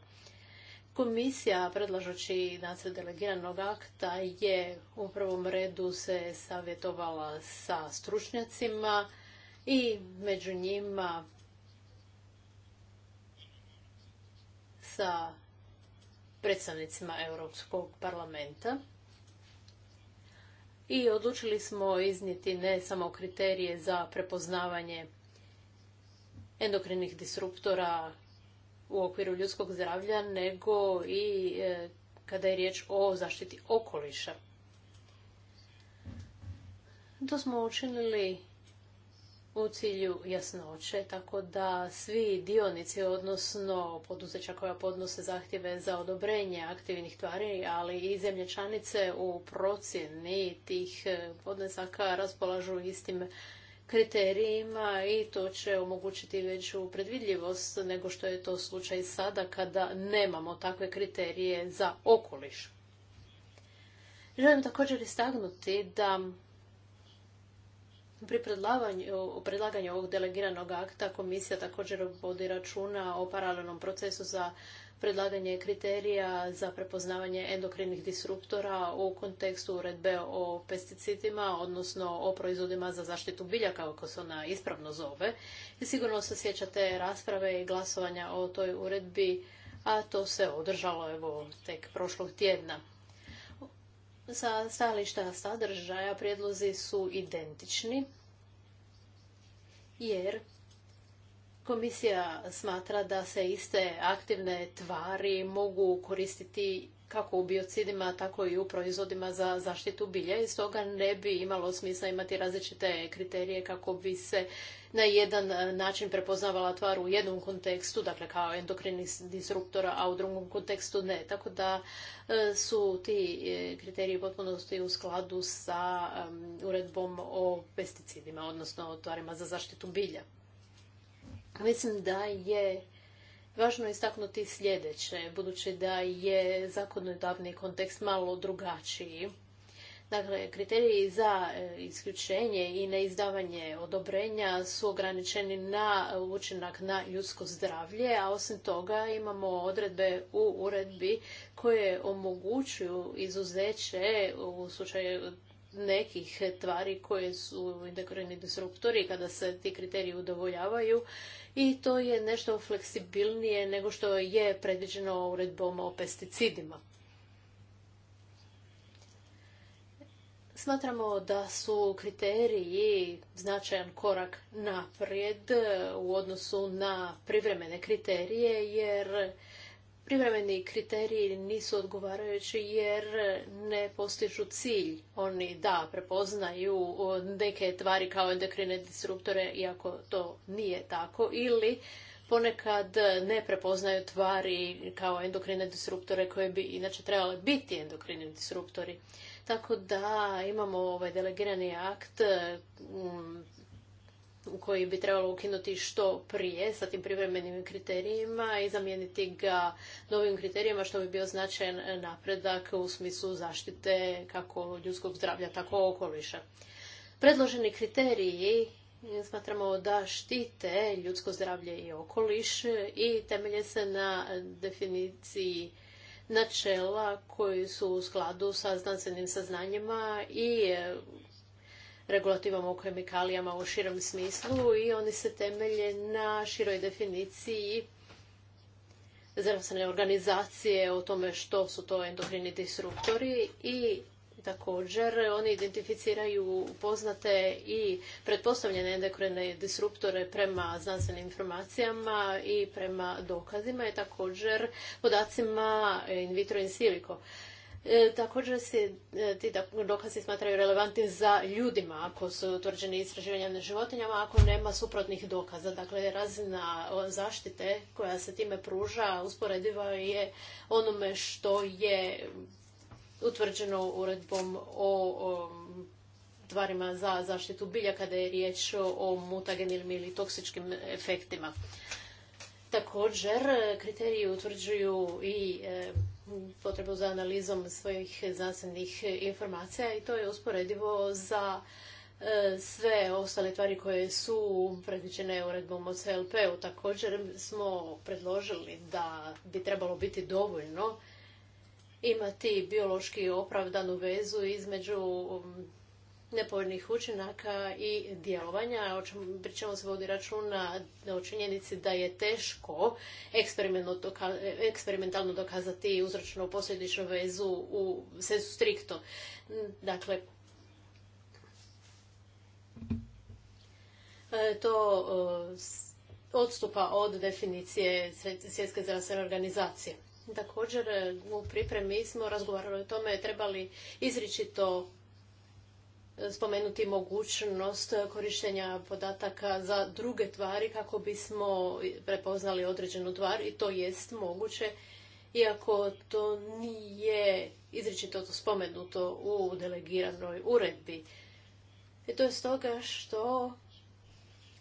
Komisija, predlažući nacrt delegiranog akta, je u prvom redu se savjetovala sa stručnjacima, i među njima sa predstavnicima Europskog parlamenta. I odlučili smo iznijeti ne samo kriterije za prepoznavanje endokrinnih disruptora u okviru ljudskog zdravlja, nego i e, kada je riječ o zaštiti okoliša. To smo učinili u cilju jasnoće, tako da svi dionici, odnosno poduzeća koja podnose zahtjeve za odobrenje aktivnih tvari, ali i zemlje članice u procjeni tih e, podnesaka raspolažu istim kriterijima i to će omogućiti veću predvidljivost nego što je to slučaj sada kada nemamo takve kriterije za okoliš. Želim također istaknuti da Pri predlaganju ovog delegiranog akta komisija također vodi računa o paralelnom procesu za predlaganje kriterija za prepoznavanje endokrinih disruptora u kontekstu uredbe o pesticidima, odnosno o proizvodima za zaštitu bilja, kako se ona ispravno zove. I sigurno se sjećate rasprave i glasovanja o toj uredbi, a to se održalo evo, tek prošlog tjedna. Sa stajališta sadržaja prijedlozi su identični jer komisija smatra da se iste aktivne tvari mogu koristiti kako u biocidima, tako i u proizvodima za zaštitu bilja i stoga ne bi imalo smisla imati različite kriterije kako bi se na jedan e, način prepoznavala tvar u jednom kontekstu, dakle kao endokrini disruptora, a u drugom kontekstu ne. Tako da e, su ti e, kriteriji potpunosti u skladu sa uredbom o pesticidima, odnosno o tvarima za zaštitu bilja. Mislim da je Važno je istaknuti sljedeće, budući da je zakonodavni kontekst malo drugačiji. Dakle, kriteriji za e, isključenje i neizdavanje odobrenja su ograničeni na učinak na ljudsko zdravlje, a osim toga imamo odredbe u uredbi koje omogućuju izuzeće u slučaju nekih tvari koje su endokrini disruptori kada se ti kriteriji udovoljavaju i to je nešto fleksibilnije nego što je predviđeno uredbom o pesticidima. Smatramo da su kriteriji značajan korak naprijed u odnosu na privremene kriterije jer privremeni kriteriji nisu odgovarajući jer ne postižu cilj. Oni da prepoznaju neke tvari kao endokrine disruptore iako to nije tako ili ponekad ne prepoznaju tvari kao endokrine disruptore koje bi inače trebale biti endokrini disruptori. Tako da imamo ovaj delegirani akt mm, koji bi trebalo ukinuti što prije sa tim privremenim kriterijima i zamijeniti ga novim kriterijima što bi bio značajan napredak u smislu zaštite kako ljudskog zdravlja tako okoliša. Predloženi kriteriji eh, smatramo da štite ljudsko zdravlje i okoliš i temelje se na definiciji načela koji su u skladu sa znanstvenim saznanjima i eh, regulativom o kemikalijama u širem smislu i oni se temelje na široj definiciji zdravstvene organizacije o tome što su to endokrini disruptori i također oni identificiraju poznate i pretpostavljene endokrine disruptore prema znanstvenim informacijama i prema dokazima i također podacima in vitro in silico. E, također se e, ti dokazi smatraju relevantni za ljudima ako su utvrđeni istraživanja na životinjama, ako nema suprotnih dokaza. Dakle, razina zaštite koja se time pruža usporediva je onome što je utvrđeno uredbom o, tvarima za zaštitu bilja kada je riječ o mutagenim ili toksičkim efektima. Također, kriteriji utvrđuju i e, potrebu za analizom svojih znanstvenih informacija i to je usporedivo za e, sve ostale tvari koje su predviđene uredbom o CLP-u. Također smo predložili da bi trebalo biti dovoljno imati biološki opravdanu vezu između nepovoljnih učinaka i djelovanja, o pri se vodi računa o činjenici da je teško eksperimentalno dokazati uzročno posljedičnu vezu u sensu strikto. Dakle, e, to odstupa od definicije Svjetske zdravstvene organizacije. Također, e, u pripremi smo razgovarali o tome trebali izričito spomenuti mogućnost korištenja podataka za druge tvari kako bismo prepoznali određenu tvar i to jest moguće iako to nije izričito spomenuto u delegiranoj uredbi. I to je stoga što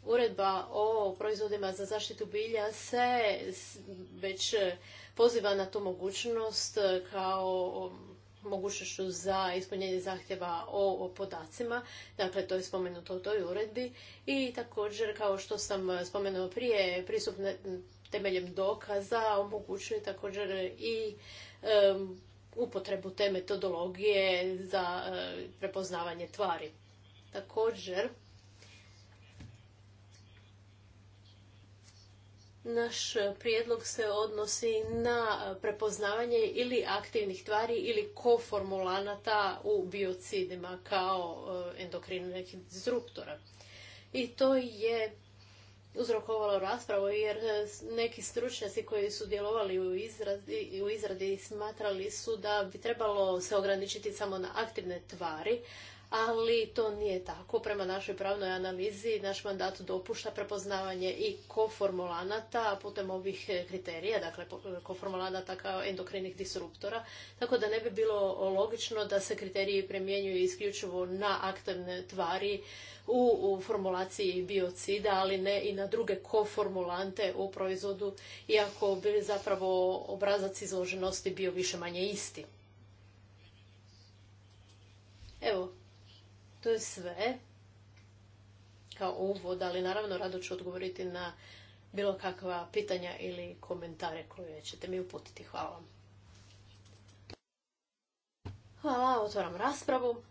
uredba o proizvodima za zaštitu bilja se već poziva na tu mogućnost kao mogućnošću za ispunjenje zahtjeva o, podacima. Dakle, to je spomenuto u toj uredbi. I također, kao što sam spomenula prije, pristup temeljem dokaza omogućuje također i upotrebu te metodologije za e, prepoznavanje tvari. Također, Naš prijedlog se odnosi na prepoznavanje ili aktivnih tvari ili koformulanata u biocidima kao e, endokrinih disruptora. I to je uzrokovalo raspravu jer e, neki stručnjaci koji su djelovali u izradi, u izradi smatrali su da bi trebalo se ograničiti samo na aktivne tvari, ali to nije tako. Prema našoj pravnoj analizi naš mandat dopušta prepoznavanje i koformulanata putem ovih e, kriterija, dakle koformulanata kao endokrinih disruptora, tako da ne bi bilo logično da se kriteriji primjenjuju isključivo na aktivne tvari u, u formulaciji biocida, ali ne i na druge koformulante u proizvodu, iako bi zapravo obrazac izloženosti bio više manje isti. Evo, to je sve kao uvod, ali naravno rado ću odgovoriti na bilo kakva pitanja ili komentare koje ćete mi uputiti. Hvala vam. Hvala, otvaram raspravu.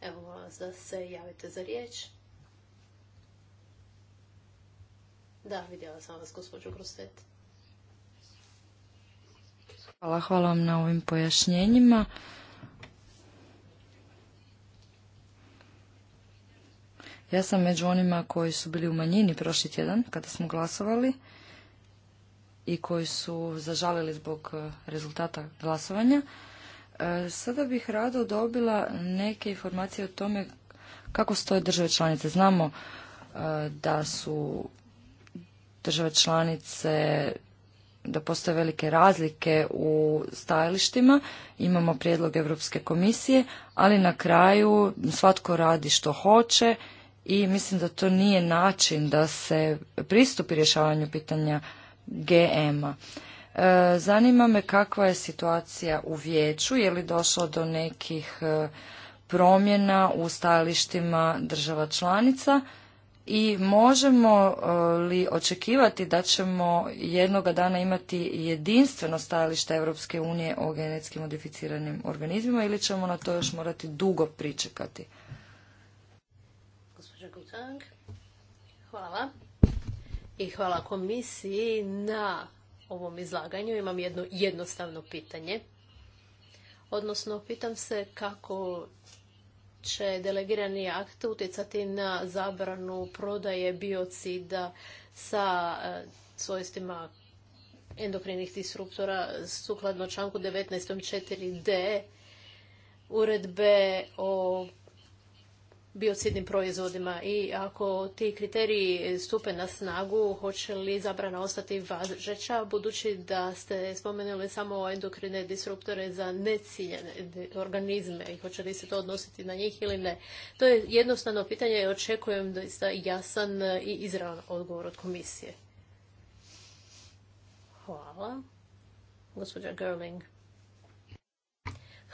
Evo vas da se javite za riječ. Da, vidjela sam vas, gospođo Grostet. Hvala, hvala vam na ovim pojašnjenjima. Ja sam među onima koji su bili u manjini prošli tjedan kada smo glasovali i koji su zažalili zbog e, rezultata glasovanja. E, sada bih rado dobila neke informacije o tome kako stoje države članice. Znamo e, da su države članice da postoje velike razlike u stajalištima. Imamo prijedlog Europske komisije, ali na kraju svatko radi što hoće i mislim da to nije način da se pristupi rješavanju pitanja GM-a. E, zanima me kakva je situacija u vijeću, je li došlo do nekih e, promjena u stajalištima država članica i možemo e, li očekivati da ćemo jednoga dana imati jedinstveno stajalište Europske unije o genetski modificiranim organizmima ili ćemo na to još morati dugo pričekati? hvala. I hvala komisiji na ovom izlaganju. Imam jedno jednostavno pitanje. Odnosno, pitam se kako će delegirani akt utjecati na zabranu prodaje biocida sa e, svojstvima endokrinih disruptora sukladno članku 19.4d uredbe o biocidnim proizvodima i ako ti kriteriji stupe na snagu, hoće li zabrana ostati važeća, budući da ste spomenuli samo endokrine disruptore za neciljene organizme i hoće li se to odnositi na njih ili ne? To je jednostavno pitanje i očekujem doista jasan i izravan odgovor od komisije. Hvala. Gospođa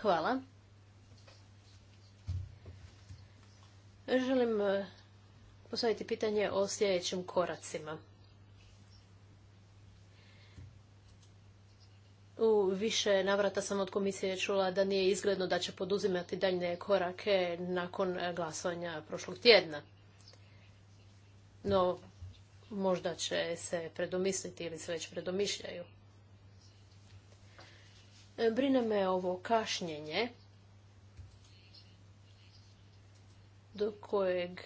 Hvala. želim e, postaviti pitanje o sljedećim koracima. U više navrata sam od komisije čula da nije izgledno da će poduzimati daljne korake nakon e, glasovanja prošlog tjedna. No, možda će se predomisliti ili se već predomišljaju. E, brine me ovo kašnjenje do kojeg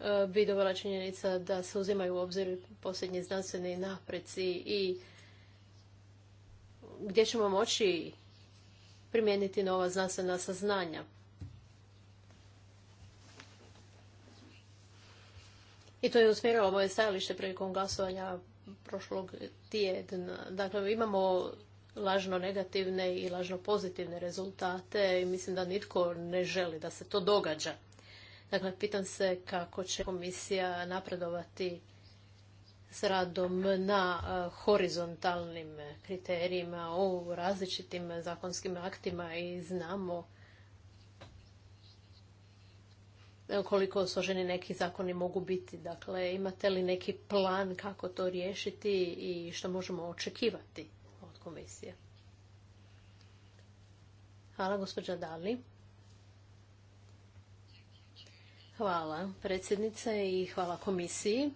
e, bi dovela činjenica da se uzimaju u obzir posljednji znanstveni napreci i gdje ćemo moći primijeniti nova znanstvena saznanja. I to je usmjerilo moje stajalište prilikom glasovanja prošlog tjedna. Dakle, imamo lažno negativne i lažno pozitivne rezultate i mislim da nitko ne želi da se to događa. Dakle, pitam se kako će komisija napredovati s radom na e, horizontalnim kriterijima u različitim zakonskim aktima i znamo e, koliko složeni neki zakoni mogu biti. Dakle, imate li neki plan kako to riješiti i što možemo očekivati od komisije? Hvala, gospođa Dali. Hvala predsjednice i hvala komisiji.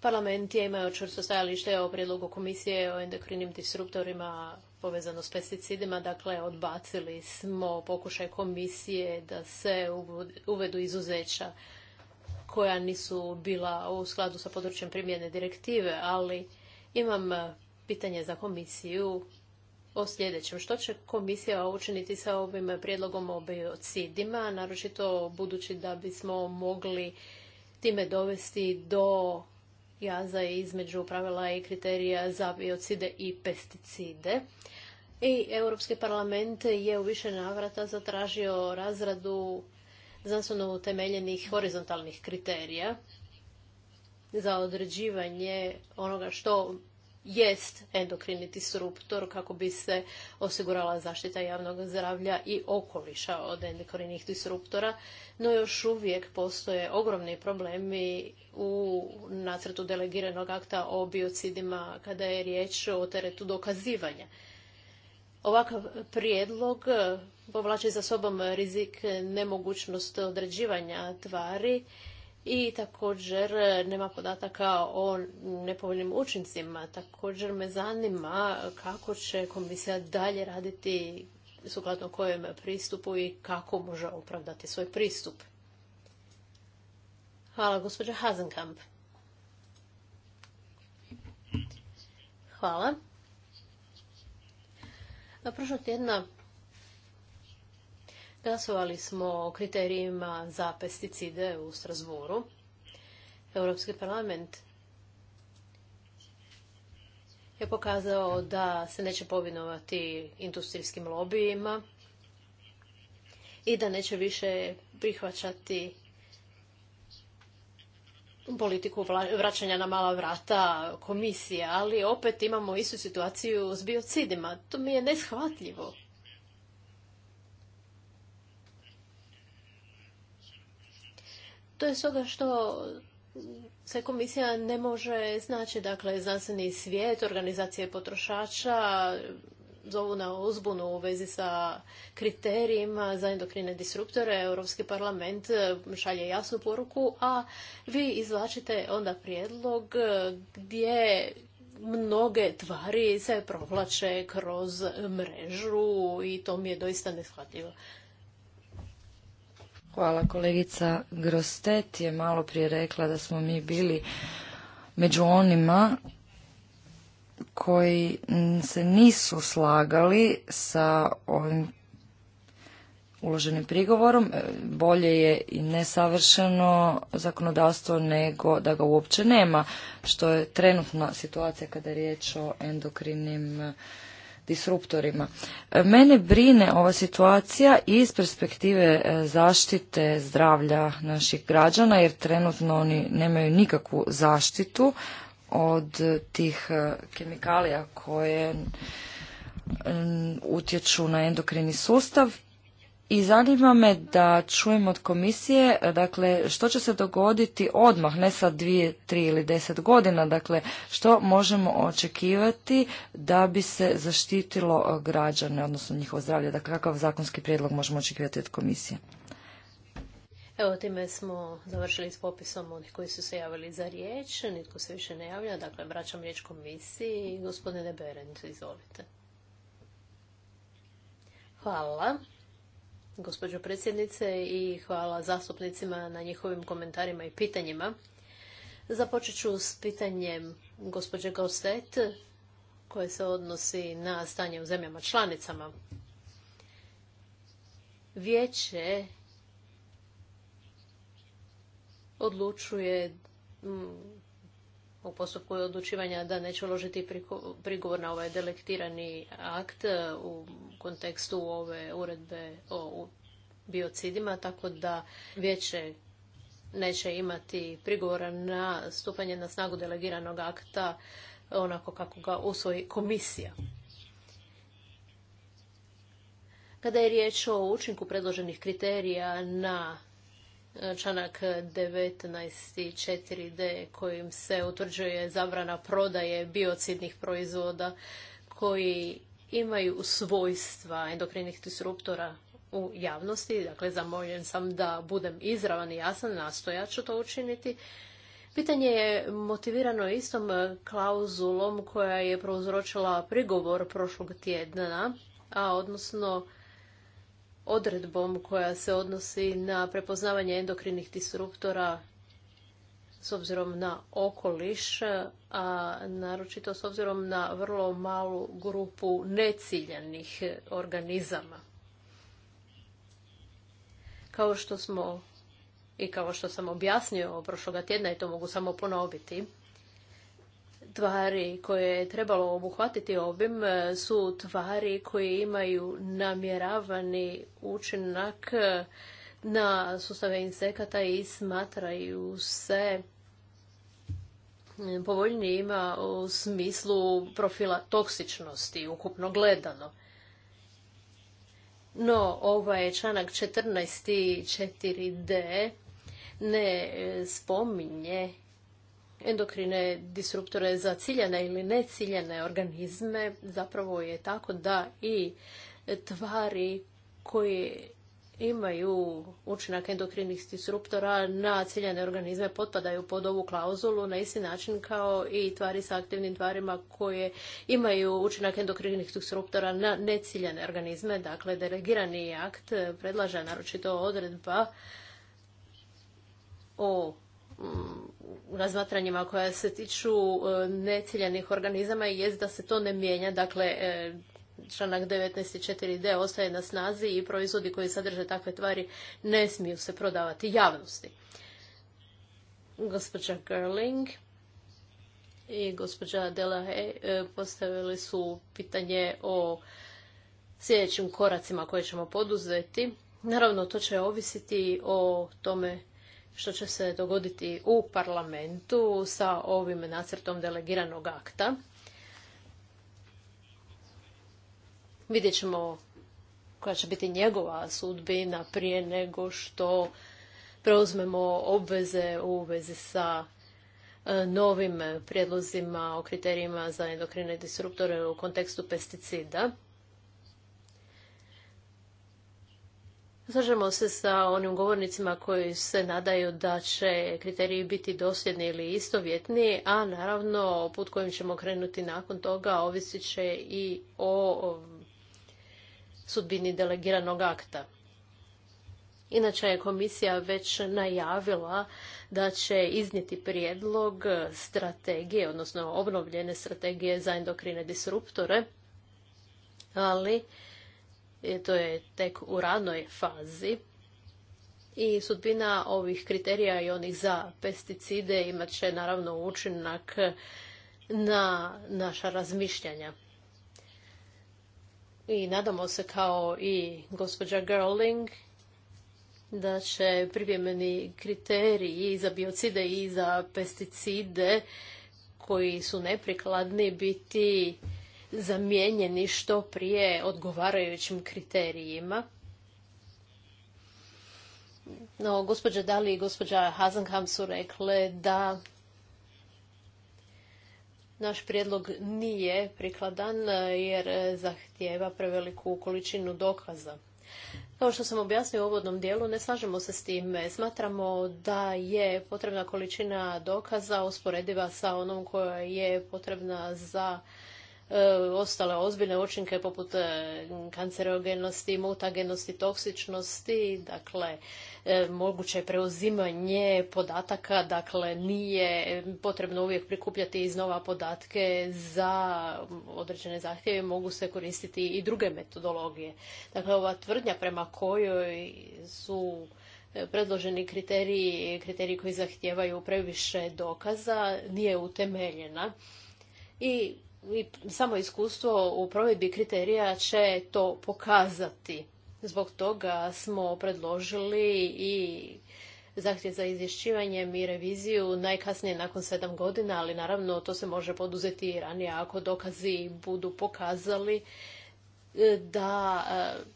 Parlament je imao čvrsto stajalište o prijedlogu komisije o endokrinim disruptorima povezano s pesticidima. Dakle, odbacili smo pokušaj komisije da se uvedu izuzeća koja nisu bila u skladu sa područjem primjene direktive, ali imam pitanje za komisiju o sljedećem. Što će komisija učiniti sa ovim prijedlogom o biocidima, naročito budući da bismo mogli time dovesti do jaza između pravila i kriterija za biocide i pesticide. I Europski parlament je u više navrata zatražio razradu znanstveno utemeljenih horizontalnih kriterija za određivanje onoga što jest endokrini disruptor kako bi se osigurala zaštita javnog zdravlja i okoliša od endokrinih disruptora, no još uvijek postoje ogromni problemi u nacrtu delegiranog akta o biocidima kada je riječ o teretu dokazivanja. Ovakav prijedlog povlači za sobom rizik nemogućnost određivanja tvari i također e, nema podataka o nepovoljnim učincima. Također me zanima kako će komisija dalje raditi sukladno kojem pristupu i kako može opravdati svoj pristup. Hvala, gospođa Hazenkamp. Hvala. Na prošlog tjedna Glasovali smo o kriterijima za pesticide u strazvoru. Europski parlament je pokazao da se neće povinovati industrijskim lobijima i da neće više prihvaćati politiku vraćanja na mala vrata komisije, ali opet imamo istu situaciju s biocidima. To mi je neshvatljivo. To je stoga što se komisija ne može znači, dakle, znanstveni svijet, organizacije potrošača, zovu na uzbunu u vezi sa kriterijima za endokrine disruptore. Europski parlament šalje jasnu poruku, a vi izvlačite onda prijedlog gdje mnoge tvari se provlače kroz mrežu i to mi je doista neshvatljivo. Hvala kolegica Grostet je malo prije rekla da smo mi bili među onima koji se nisu slagali sa ovim uloženim prigovorom. E, bolje je i nesavršeno zakonodavstvo nego da ga uopće nema, što je trenutna situacija kada je riječ o endokrinim disruptorima. Mene brine ova situacija iz perspektive e, zaštite zdravlja naših građana jer trenutno oni nemaju nikakvu zaštitu od tih e, kemikalija koje utječu na endokrini sustav i zanima me da čujem od komisije, dakle, što će se dogoditi odmah, ne sad dvije, tri ili deset godina, dakle, što možemo očekivati da bi se zaštitilo e, građane, odnosno njihovo zdravlje, dakle, kakav zakonski prijedlog možemo očekivati od komisije? Evo, time smo završili s popisom onih koji su se javili za riječ, nitko se više ne javlja, dakle, vraćam riječ komisiji, gospodine Berend, izvolite. Hvala gospođo predsjednice i hvala zastupnicima na njihovim komentarima i pitanjima. Započet ću s pitanjem gospođe Gostet koje se odnosi na stanje u zemljama članicama. Vijeće odlučuje u postupku odlučivanja da neće uložiti prigovor na ovaj delektirani akt e, u kontekstu ove uredbe o biocidima, tako da vijeće neće imati prigovora na stupanje na snagu delegiranog akta onako kako ga usvoji komisija. Kada je riječ o učinku predloženih kriterija na članak 19.4d kojim se utvrđuje zabrana prodaje biocidnih proizvoda koji imaju svojstva endokrinih disruptora u javnosti. Dakle, zamoljen sam da budem izravan i jasan, nastoja ću to učiniti. Pitanje je motivirano istom klauzulom koja je prouzročila prigovor prošlog tjedna, a odnosno odredbom koja se odnosi na prepoznavanje endokrinih disruptora s obzirom na okoliš, a naročito s obzirom na vrlo malu grupu neciljenih organizama. Kao što smo i kao što sam objasnio prošloga tjedna, i to mogu samo ponoviti, tvari koje je trebalo obuhvatiti obim e, su tvari koje imaju namjeravani učinak e, na sustave insekata i smatraju se e, povoljnijima u smislu profila toksičnosti ukupno gledano. No, ovaj članak 14.4d ne spominje endokrine disruptore za ciljane ili neciljane organizme zapravo je tako da i tvari koje imaju učinak endokrinih disruptora na ciljane organizme potpadaju pod ovu klauzulu na isti način kao i tvari sa aktivnim tvarima koje imaju učinak endokrinih disruptora na neciljane organizme. Dakle, delegirani akt predlaže naročito odredba o razmatranjima koja se tiču e, neciljenih organizama je da se to ne mijenja. Dakle, e, članak 19.4d ostaje na snazi i proizvodi koji sadrže takve tvari ne smiju se prodavati javnosti. Gospođa Gerling i gospođa Delahe e, postavili su pitanje o sljedećim koracima koje ćemo poduzeti. Naravno, to će ovisiti o tome što će se dogoditi u parlamentu sa ovim nacrtom delegiranog akta. Vidjet ćemo koja će biti njegova sudbina prije nego što preuzmemo obveze u vezi sa e, novim prijedlozima o kriterijima za endokrine disruptore u kontekstu pesticida. Slažemo se sa onim govornicima koji se nadaju da će kriteriji biti dosljedni ili istovjetni, a naravno put kojim ćemo krenuti nakon toga ovisit će i o sudbini delegiranog akta. Inače je komisija već najavila da će iznijeti prijedlog strategije, odnosno obnovljene strategije za endokrine disruptore, ali to je tek u ranoj fazi. I sudbina ovih kriterija i onih za pesticide imat će naravno učinak na naša razmišljanja. I nadamo se kao i gospođa Gerling da će privremeni kriteriji za biocide i za pesticide koji su neprikladni biti zamijenjeni što prije odgovarajućim kriterijima. No, gospođa Dali i gospođa Hazenham su rekle da naš prijedlog nije prikladan jer zahtijeva preveliku količinu dokaza. Kao što sam objasnio u uvodnom dijelu, ne slažemo se s time. Smatramo da je potrebna količina dokaza usporediva sa onom koja je potrebna za E, ostale ozbiljne učinke poput e, kancerogenosti, mutagenosti, toksičnosti, dakle e, moguće preuzimanje podataka, dakle nije potrebno uvijek prikupljati iznova podatke za određene zahtjeve, mogu se koristiti i druge metodologije. Dakle, ova tvrdnja prema kojoj su predloženi kriteriji, kriteriji koji zahtijevaju previše dokaza, nije utemeljena. I i samo iskustvo u provedbi kriterija će to pokazati. Zbog toga smo predložili i zahtjev za izvješćivanjem i reviziju najkasnije nakon sedam godina, ali naravno to se može poduzeti i ranije ako dokazi budu pokazali e, da e,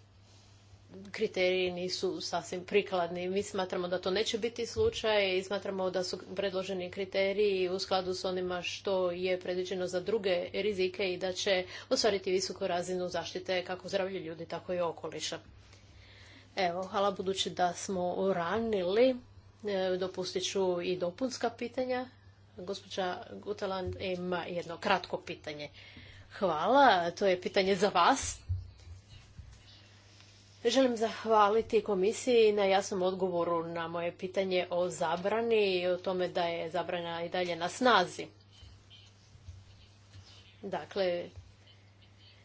kriteriji nisu sasvim prikladni. Mi smatramo da to neće biti slučaj i smatramo da su predloženi kriteriji u skladu s onima što je predviđeno za druge rizike i da će ostvariti visoku razinu zaštite kako zdravlje ljudi, tako i okoliša. Evo, hvala budući da smo ranili, e, dopustit ću i dopunska pitanja. Gospođa Guteland ima jedno kratko pitanje. Hvala, to je pitanje za vas. Želim zahvaliti komisiji na jasnom odgovoru na moje pitanje o zabrani i o tome da je zabrana i dalje na snazi. Dakle,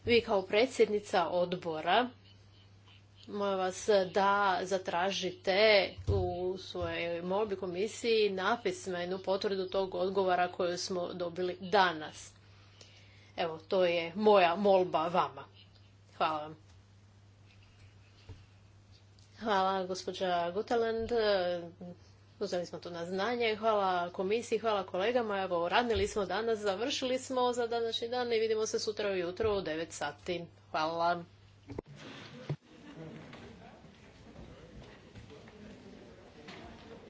vi kao predsjednica odbora molim vas da zatražite u svojoj molbi komisiji napismenu potvrdu tog odgovora koju smo dobili danas. Evo, to je moja molba vama. Hvala vam. Hvala gospođa Guteland, e, Uzeli smo to na znanje. Hvala komisiji, hvala kolegama. Evo, radili smo danas, završili smo za današnji dan i vidimo se sutra ujutro u 9 sati. Hvala.